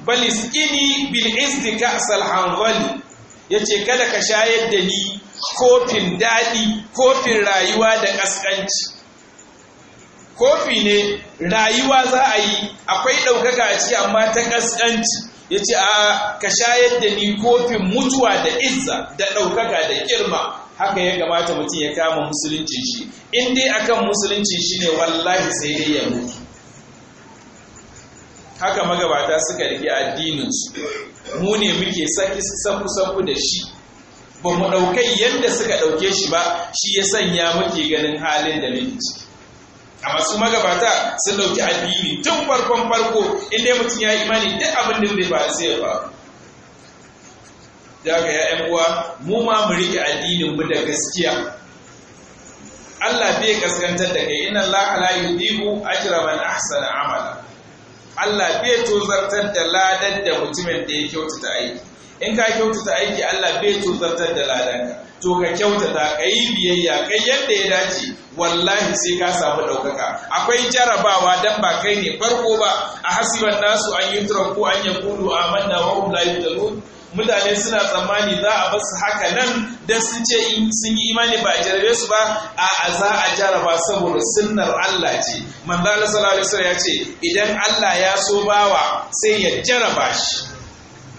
bal iskini bil izdi ka'sal hanzali yace kada ka shayar da ni kofin dadi kofin rayuwa da kaskanci kofi ne rayuwa za a yi akwai ɗaukaka a ciki amma ta ƙasƙanci yace ce a ka shayar da ni kofin mutuwa da izza da ɗaukaka da girma haka ya gamata mutum ya kama musulunci shi in dai akan musulunci shi ne wallahi sai dai ya mutu haka magabata suka rike addininsu mu ne muke saki saku-saku da shi ba mu ɗaukai yadda suka ɗauke shi ba shi ya sanya muke ganin halin da ciki a masu magabata sun ɗauki addini tun farkon farko inda mutum ya yi imani duk abin da zai ya faru da ga ya uwa mu ma mu riƙe addinin mu da gaskiya Allah bai kaskantar da kai inna Allah la yudibu ajra man ahsana amala Allah bai tozartar da ladan da mutumin da ya kyautata aiki in ka kyautata aiki Allah bai tozartar da ka to ka kyautata ka biyayya kai yadda ya dace wallahi sai ka samu ɗaukaka akwai jarabawa dan ba kai ne farko ba a hasiban nasu an yi ko an yakulu amanna wa hum la mutane suna tsammani za a basu haka nan dan sun ce sun yi imani ba a jarabe su ba a za a jaraba saboda sunnar Allah ce manzo Allah sallallahu ya ce idan Allah ya so bawa sai ya jaraba shi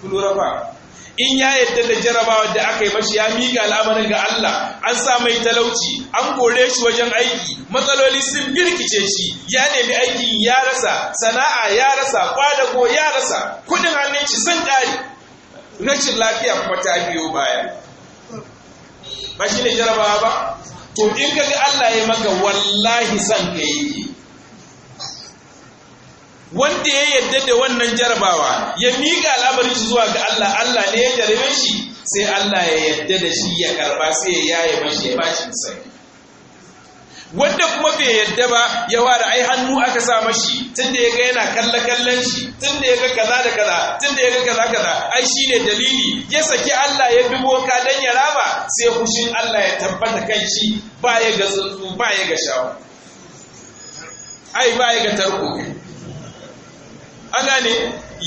kulura rafa in ya yadda da jarabawa da aka yi mashi ya miƙa al'amarin ga Allah an sa mai talauci an kore shi wajen aiki matsaloli sun birkice shi ya nemi aikin ya rasa sana'a ya rasa kwadago ya rasa kudin hannun shi sun ƙare rashin lafiya kuma ta biyo baya ba shi ne jarabawa ba to in ka ga Allah ya maka wallahi san ka yi wanda ya yarda da wannan jarabawa ya miƙa al'amarin shi zuwa ga Allah Allah ne ya jarabe shi sai Allah ya yarda da shi ya karba sai ya yaye mashi ya bashi sai wanda kuma bai yadda ba ya ware ai hannu aka sa mashi tunda ya ga yana kalla kallon shi tunda ya ga kaza da kaza tunda ya ga kaza kaza ai shine dalili ya saki Allah ya bi boka dan ya raba, sai kushin Allah ya tabbata kan shi ba ya ga tsuntsu ba ya ga shawa ai ba ya ga tarko an ne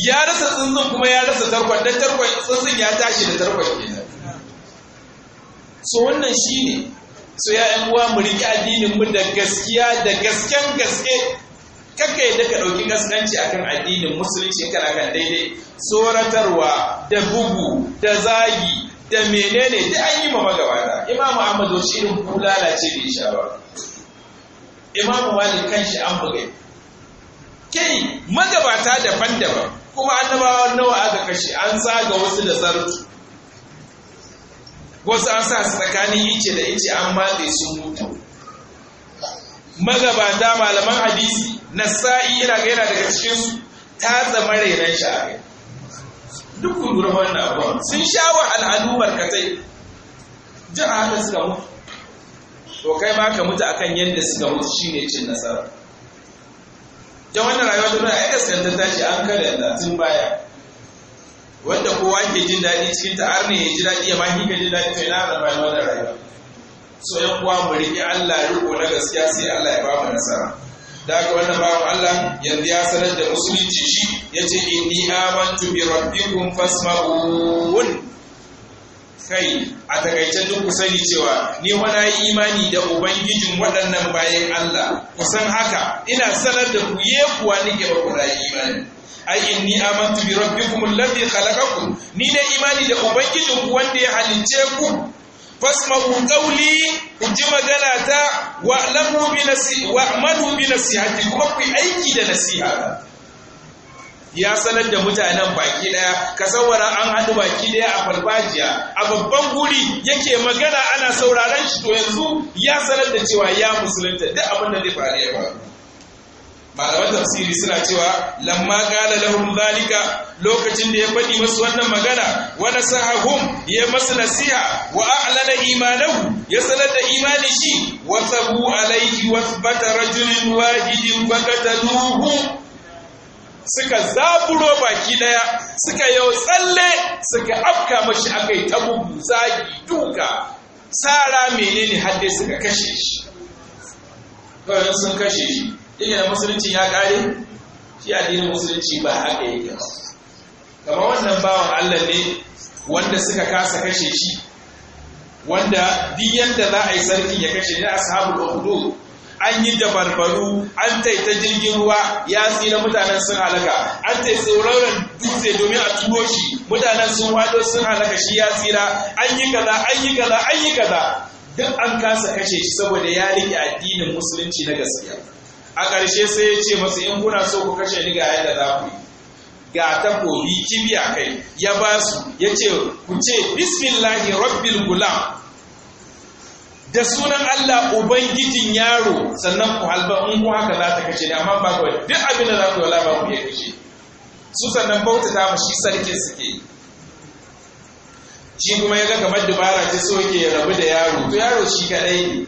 ya rasa tsuntsun kuma ya rasa tarkon dan tarkon tsuntsun ya tashi da tarkon kenan so wannan shine su ya yan uwa mu riƙe addinin mu da gaskiya da gasken gaske kaka yadda ka ɗauki gaskanci akan addinin musulunci kana kan daidai tsoratarwa da bugu da zagi da menene duk an yi ma magabata imamu ahmad shi irin bulala ce bai sha ba imamu malik kanshi an buga kai magabata daban-daban kuma annabawa nawa aka kashe an zaga wasu da zartu wasu an sa su tsakanin ice da ice an matse sun mutu magabata malaman hadisi sa'i yana ga yana daga cikin su ta zama renon sha'ari duk kun wannan abuwa sun sha wa al'adu barkatai jin haka suka mutu to kai ma ka mutu akan yadda suka mutu shine cin nasara ita wannan rayuwa ta nuna ai tashi an kada tun baya wanda kowa ke jin daɗi cikin ta'ar ne ya ji daɗi ya ma ka jin daɗi to yana da rayuwa rayuwa so yan kuwa mu riƙe Allah riko na gaskiya sai Allah ya bamu nasara da ga wannan bawan Allah yanzu ya sanar da musulunci shi yace inni amantu bi rabbikum fasma'un kai a takaice duk ku sani cewa ni wani yi imani da ubangijin waɗannan bayan Allah kusan haka ina sanar da ku ye kuwa nike ba ku imani ai inni amantu bi rabbikum alladhi khalaqakum ni da imani da ubangijin ku wanda ya halince ku fasma'u qawli ku ji magana ta wa lamu bi nasi wa bi nasihati kuma ku aiki da nasiha ya sanar da mutanen baki daya ka saurara an haɗu baki daya a farfajiya a babban guri yake magana ana sauraron shi to yanzu ya sanar da cewa ya musulunta duk abin da zai faru ya faru malaman tafsiri suna cewa lamma qala lahum zalika lokacin da ya faɗi masu wannan magana wa nasahahum ya masu nasiha wa a'lana imanahu ya sanar da imani shi wa sabu alaihi wa thbata rajulun wahidin faqataluhu suka zaburo baki daya suka yau tsalle suka afka mashi akai ta bugu zagi duka tsara menene hadde suka kashe shi bayan sun kashe shi yana musulunci ya kare shi addinin musulunci ba haka yake ba kamar wannan bawan Allah ne wanda suka kasa kashe shi wanda duk da za a yi sarki ya kashe ne ashabul ukhdud an yi dabarbaru an taita jirgin ruwa ya tsira mutanen sun halaka an tai sauraron dutse domin a tuno shi mutanen sun wado sun halaka shi ya tsira an yi kaza an yi kaza an yi kaza duk an kasa kashe shi saboda ya rike addinin musulunci na gaskiya a ƙarshe sai ya ce masu in kuna so ku kashe ni ga yadda za ku yi ga takobi kibiya kai ya ba su ya ce ku ce bismillahi rabbil gulam da sunan Allah ubangijin yaro sannan ku halba in ku haka za ta kace ne amma ba kawai duk abin da za ku wala ba ku ya kace su sannan bauta ta mu shi sarki suke shi kuma ya ga kamar dubara ta so yake ya rabu da yaro to yaro shi kadai ne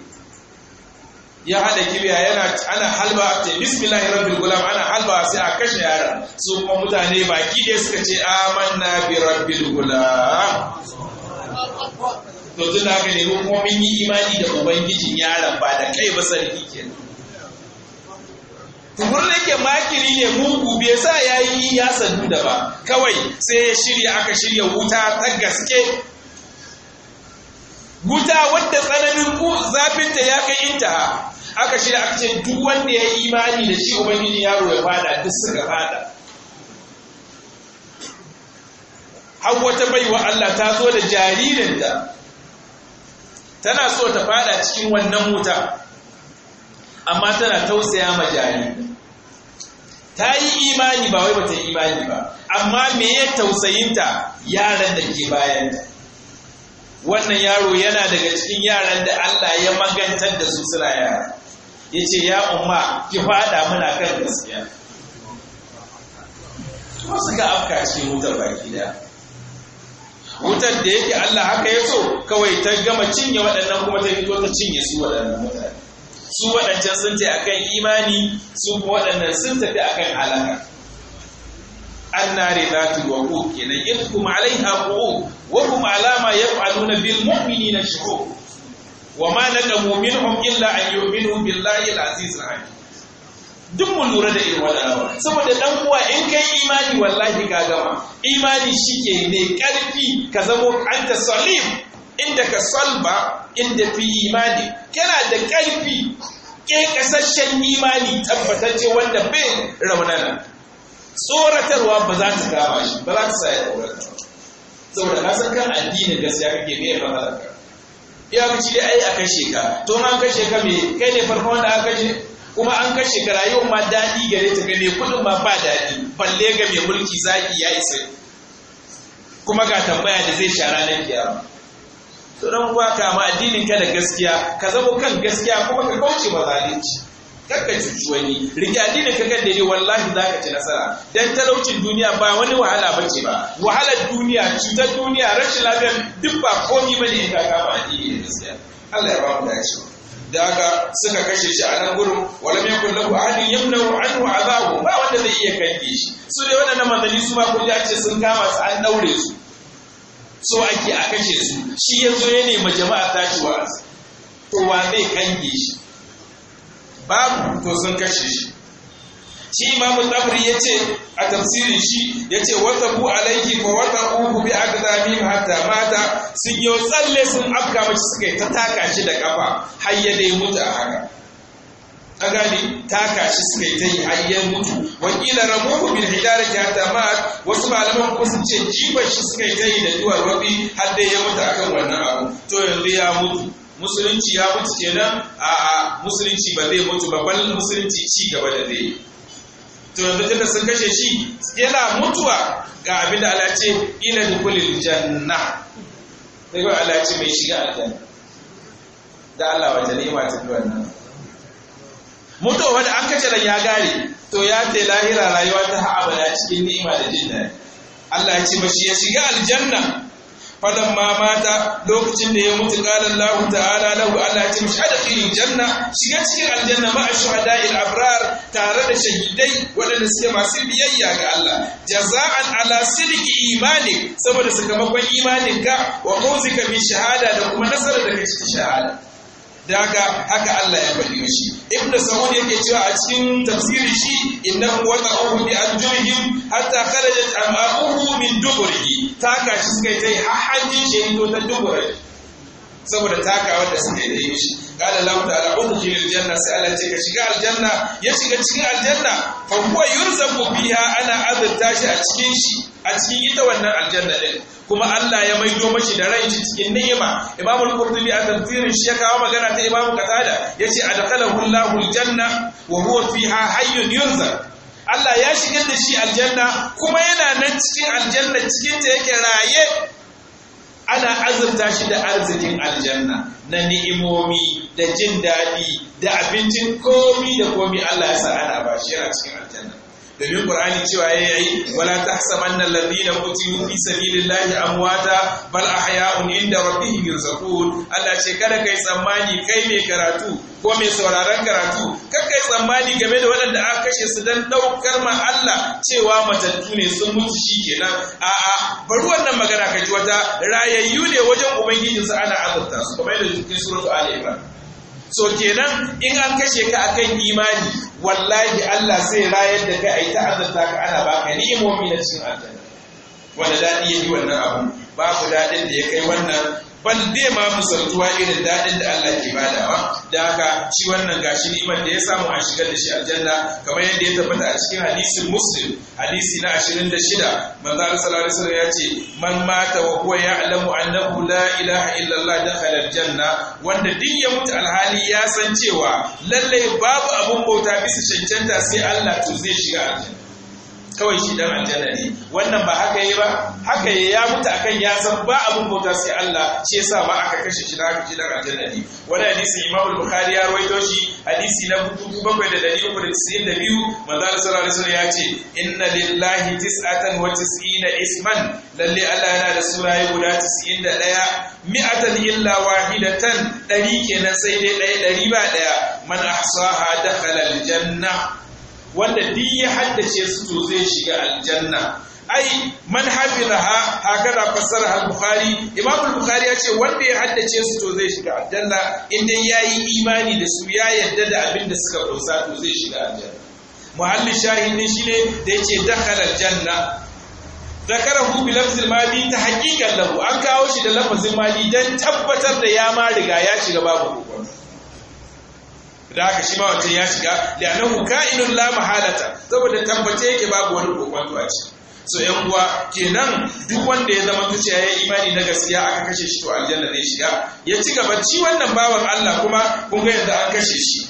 ya hada kibiya yana ana halba ta bismillahir rabbil gulam ana halba sai a kashe yaron su kuma mutane baki ɗaya suka ce amanna bi rabbil gulam to tun da haka ne ko kuma mun yi imani da ubangijin yaron ba da kai ba sarki ke tukur da makiri ne mun bai sa ya yi ya sandu da ba kawai sai ya shirya aka shirya wuta ta gaske wuta wadda tsananin ku zafinta ya kai inta aka shirya aka ce duk wanda ya yi imani da shi ubangijin yaro ya fada duk suka fada har wata baiwa Allah ta zo da jaririnta tana so ta fada cikin wannan wuta amma tana tausaya ma jari ta yi imani ba wai bata yi imani ba amma me ya tausayinta yaran da ke bayanta wannan yaro yana daga cikin yaran da Allah ya magantar da su suna yara ya ce ya umma ki fada muna kan gaskiya wasu ga afka ce wutar baki da wutar da yake Allah haka ya so kawai ta gama cinye waɗannan kuma ta fito ta cinye su waɗannan mutane su waɗancan sun ce akan imani su kuma waɗannan sun tafi akan halaka annare zatul waqu kenan kuma alaiha ku, wa hum ala ma yaf'aluna bil mu'minina shuhud wa ma naqamu minhum illa an yu'minu billahi al-aziz al-hakim duk mu lura da irin abu saboda dan uwa in kai imani wallahi ka gama imani shike ne karfi ka zamo anta salim inda ka salba inda fi imani kana da karfi ke kasashen imani ce wanda bai raunana tsoratarwa ba za ta gama shi ba za ta sa ya saboda ka san kan addinin gaskiya kake mai fara ka ya ci dai ai a kashe ka to an kashe ka me kai ne farko wanda aka kashe kuma an kashe ka rayuwar ma daɗi gare ta mai kudin ma ba daɗi balle ga mai mulki zaki ya isa kuma ga tambaya da zai shara na kiyama to kama uwa ka addinin ka da gaskiya ka zama kan gaskiya kuma ka kauce ma zalunci kakka cuci wani rike addinin ka kan daidai wallahi za ka ci nasara dan talaucin duniya ba wani wahala ba ce ba wahalar duniya cutar duniya rashin lafiyar duk ba komi bane in ka kama addini da gaskiya Allah ya ba mu dace da haka suka kashe shi a nan gurin walam yakun lahu ahadun yamna'u anhu azabu ba wanda zai iya kange shi su dai wannan manzali su ba kulli a ce sun kama su an daure su so ake a kashe su shi yanzu ya nemi jama'a tashi wa'azi to wa zai kange shi babu to sun kashe shi shi imamu tabri ya ce a tafsirin shi ya ce wata ku alaihi ko wata uku bi aqdami hatta mata sun yi tsalle sun afka mace suka yi ta taka shi da kafa har ya dai mutu a haka an gane taka shi suka yi ta yi har ya mutu wakila ramuhu bil hidarati hatta mat wasu malaman ku sun ce jiba shi suka yi ta yi da duwar wabi har dai ya mutu akan wannan abu to yanzu ya mutu musulunci ya mutu kenan a musulunci ba zai mutu ba bal musulunci ci gaba da zai yi to yanzu sun kashe shi yana mutuwa ga abin da Allah ce da dukulil janna da ga Allah ce mai shiga aljanna da Allah wata ma ta duwan nan mutuwa da an kace ran ya gare to ya ta lahira rayuwa ta abada cikin ni'ima da jin Allah ya ce mashi ya shiga aljanna falan ma mata lokacin da ya mutu qala lahu ta'ala lahu Allah ya ce mishi janna shiga cikin aljanna ma ashuhada'il abrar tare da shahidai waɗanda suke masu biyayya ga Allah jaza'an ala sidqi imani saboda sakamakon ka wa fawzika bi shahada da kuma nasarar da cikin shahada daga haka Allah ya faɗi shi ibn ya yake cewa a cikin tafsirin shi wata wata'ahu bi arjulihim hatta kharajat amahu min duburihi taka shi suka yi ta hajjin shi to ta dubure saboda takawa da suka yi shi قال الله تعالى ادخل الجنه ce ka shiga aljanna ya shiga cikin aljanna fa huwa yurzaqu biha ana azurta shi a cikin shi a cikin ita wannan aljanna din kuma Allah ya maido mashi da rai cikin ni'ima Imam al-Qurtubi a tafsirin shi ya kawo magana ta Imam Qatada yace adqalahu Allahu al-janna wa huwa fiha hayyun yunzar Allah ya shigar da shi aljanna kuma yana nan cikin aljanna cikin ta yake raye ana azurta shi da arzikin aljanna na ni'imomi da jin daɗi da abincin komi da komi Allah ya sa ana bashi yana cikin aljanna domin qur'ani cewa yayi wala tahsabanna alladhina qutilu fi sabilillahi amwata bal ahya'un inda rabbihim yurzaqun Allah ce kada kai tsammani kai mai karatu ko mai sauraron karatu kada kai tsammani game da waɗanda aka kashe su dan daukar ma Allah cewa matattu ne sun mutu shi shikenan a'a bari wannan magana ka ji wata rayayyu ne wajen ubangijinsu ana azurta su kamar yadda jikin suratu ali imran so kenan in an kashe ka akan imani wallahi Allah sai rayar da kai ayi ta ka ana baka ni'imomi na cikin aljanna wanda daɗi yayi wannan abu babu daɗin da ya kai wannan bal bai ma misaltuwa irin daɗin da Allah ke badawa da haka shi wannan gashi ni'imar da ya samu a shigar da shi aljanna kamar yadda ya tabbata a cikin hadisin muslim hadisi na 26 manzo Allah sallallahu alaihi wasallam ya ce man mata wa huwa ya'lamu annahu la ilaha illa Allah dakhala aljanna wanda duk ya mutu alhali ya san cewa lallai babu abun bauta bisa cancanta sai Allah to zai shiga aljanna kawai shi dan aljanna ne wannan ba haka yi ba haka ya mutu akan ya san ba abin bauta sai Allah shi yasa ba aka kashe shi da shi dan aljanna ne wani hadisin Imam Bukhari ya rawaito shi hadisi na 7392 manzo sallallahu alaihi ya ce inna lillahi tis'atan wa tis'ina isman lalle Allah yana da suraye guda 91 mi'atan illa wahidatan ɗari kenan sai dai ɗaya ɗari ba ɗaya man ahsaha dakhala aljanna wanda duk ya haddace su to zai shiga aljanna ai man hafizaha hakada fassara al-bukhari imam al-bukhari ya ce wanda ya haddace su to zai shiga aljanna inda yayi imani da su ya yadda da abin da suka kunsa to zai shiga aljanna muhalli shahidin shine da yace dakhala aljanna zakarahu bi lafzil madi ta haqiqan lahu an kawo shi da lafazin mali dan tabbatar da ya ma riga ya shiga babu hukunci da aka shi mawacin ya shiga da annahu ka'inun la mahalata saboda tabbace yake babu wani kokon a ciki so yan uwa kenan duk wanda ya zama tuce ya imani na gaskiya aka kashe shi to aljanna zai shiga ya ci gaba ci wannan bawan Allah kuma kun ga yadda an kashe shi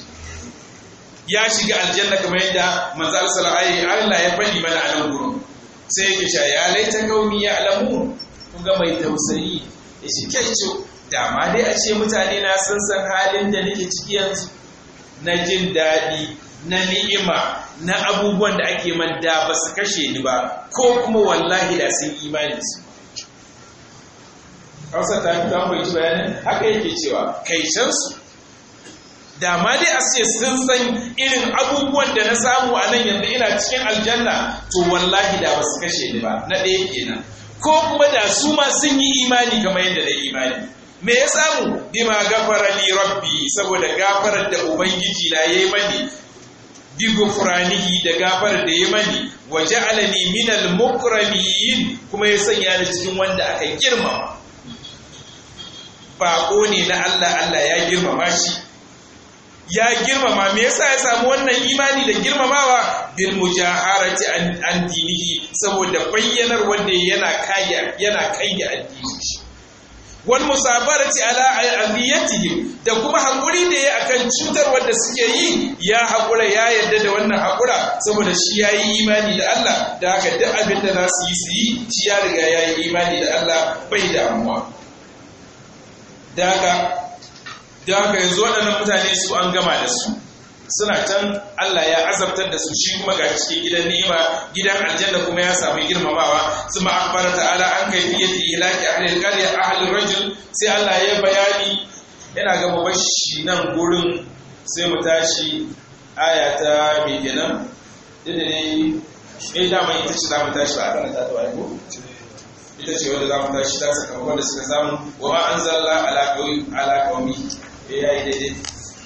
ya shiga aljanna kamar yadda manzo sallallahu Allah ya faɗi mana a nan gurin sai yake cewa ya laita kaumi ya alamu kun mai tausayi ya shi kyau da dai a ce mutane na sun san halin da nake ciki yanzu na jin daɗi na ni'ima na abubuwan da ake man da ba su kashe ni ba ko kuma wallahi da sun imani su hausa ta fi ta fahimci bayanin haka yake cewa kai su da ma dai a ce sun san irin abubuwan da na samu a nan yadda ina cikin aljanna to wallahi da ba su kashe ni ba na ɗaya kenan ko kuma da su ma sun yi imani kamar yadda na imani me ya samu bima gafara li rabbi saboda gafarar da ubangiji na yayi mani bi gufranihi da gafarar da yayi mani wa ja'alani minal mukramin kuma ya sanya ni cikin wanda aka girmama bako ne na Allah Allah ya girmama shi ya girmama me yasa ya samu wannan imani da girmamawa bil mujaharati an dinihi saboda bayyanar wanda yana kaya yana kai addini wal musabarati ala aliyatihim da kuma hakuri da ya akan cutar wanda suke yi ya hakura ya yarda da wannan hakura saboda shi ya yi imani da Allah da haka duk abin da za yi su yi shi ya riga ya yi imani da Allah bai damuwa da haka da haka yanzu waɗannan mutane su an gama da su suna can Allah ya azabtar da su shi kuma ga cikin gidan ni'ima gidan aljanna kuma ya samu girmamawa suma akbara ta'ala an kai fiyati ilaki ahli alqarya ahli rajul sai Allah ya bayani yana ga mabashi nan gurin sai mu tashi aya ta mai kenan dinda ne sai da eh, ita ce za mu tashi ba a karanta ta waye ko ita ce wanda za mu tashi ta saka wanda suka samu wa ma ala qawmi ala qaumi eh yayi daidai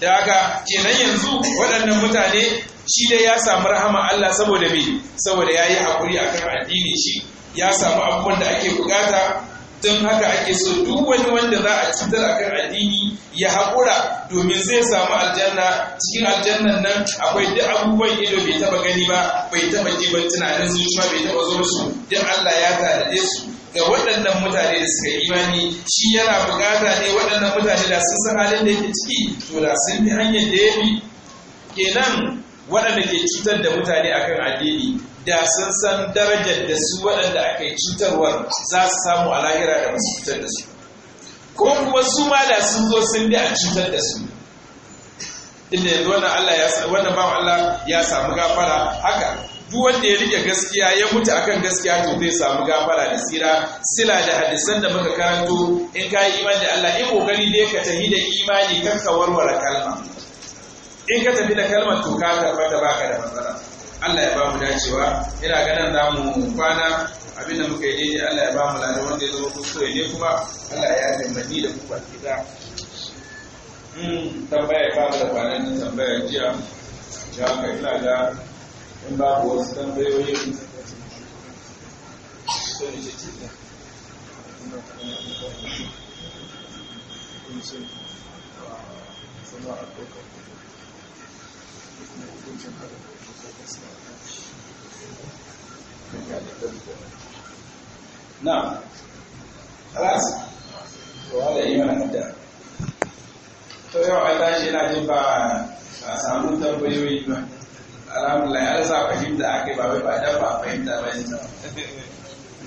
da haka kenan yanzu waɗannan mutane shi dai ya samu rahama Allah saboda me saboda yayi hakuri akan addini shi ya samu abubuwan da ake bukata don haka ake so duk wani wanda za a cutar akan addini ya haƙura domin zai samu aljanna cikin aljannan nan akwai duk abubuwan ido bai taba gani ba bai taba ji ba tunanin zuciya bai taba zo su duk Allah ya tare su ga waɗannan mutane da suka imani shi yana bukata ne waɗannan mutane da sun san halin da yake ciki to da sun bi hanyar da ya bi kenan waɗanda ke cutar da mutane akan addini da sun san darajar da su waɗanda aka yi cutarwar za su samu a lahira da masu cutar da su ko kuma su ma da sun zo sun bi a cutar da su inda yanzu wannan Allah ya Allah ya samu gafara haka duk wanda ya rike gaskiya ya mutu akan gaskiya to zai samu gafara da tsira sila da hadisan da muka karanto in ka yi imani da Allah in kokari dai ka tafi da imani kan ka warware kalma in ka tafi da kalmar to ka tabbata baka da matsala Allah ya ba mu dacewa ina ganin za mu kwana abin da muka yi dai Allah ya ba mu lada wanda ya zama so ne kuma Allah ya taimaki da kuka baki da hmm, tambaya ba mu da kwanan tambaya jiya ya ka ina ga in babu wasu tambayoyin نعم خلاص وهذا إيمان الدار to yau a tashi jin ba a samu tambayoyi ba alhamdulillah ya sa fahimta a ba wai ba dan ba fahimta ba yanzu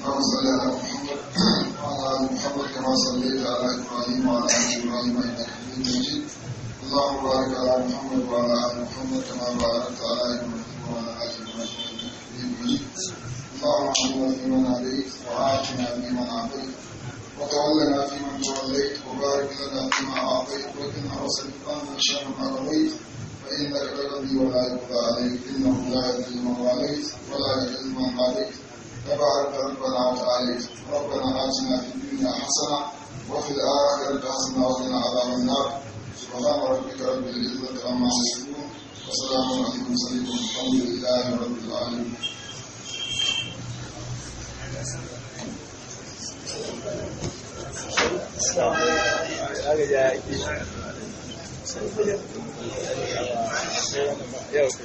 اللهم صل على محمد وعلى ال محمد كما صليت على ابراهيم وعلى ال ابراهيم انك حميد مجيد اللهم بارك على محمد وعلى ال محمد كما باركت على ابراهيم وعلى ال ابراهيم انك حميد مجيد اللهم اعنا فيمن عليك وعافنا فيمن عافيت وتولنا فيمن توليت وبارك لنا فيما اعطيت وقنا واصرف عنا شر ما رويت فإن ذكرني ولا يكفى عليك إنه لا يذل من واليت ولا يعز من عليك تبارك ربنا وتعالى ربنا آتنا في الدنيا حسنة وفي الآخرة حسنة وقنا عذاب النار سبحان ربك رب العزة عما يصفون وسلام عليكم المرسلين والحمد لله رب العالمين Thank you. 什么时间？哎呀，不要紧。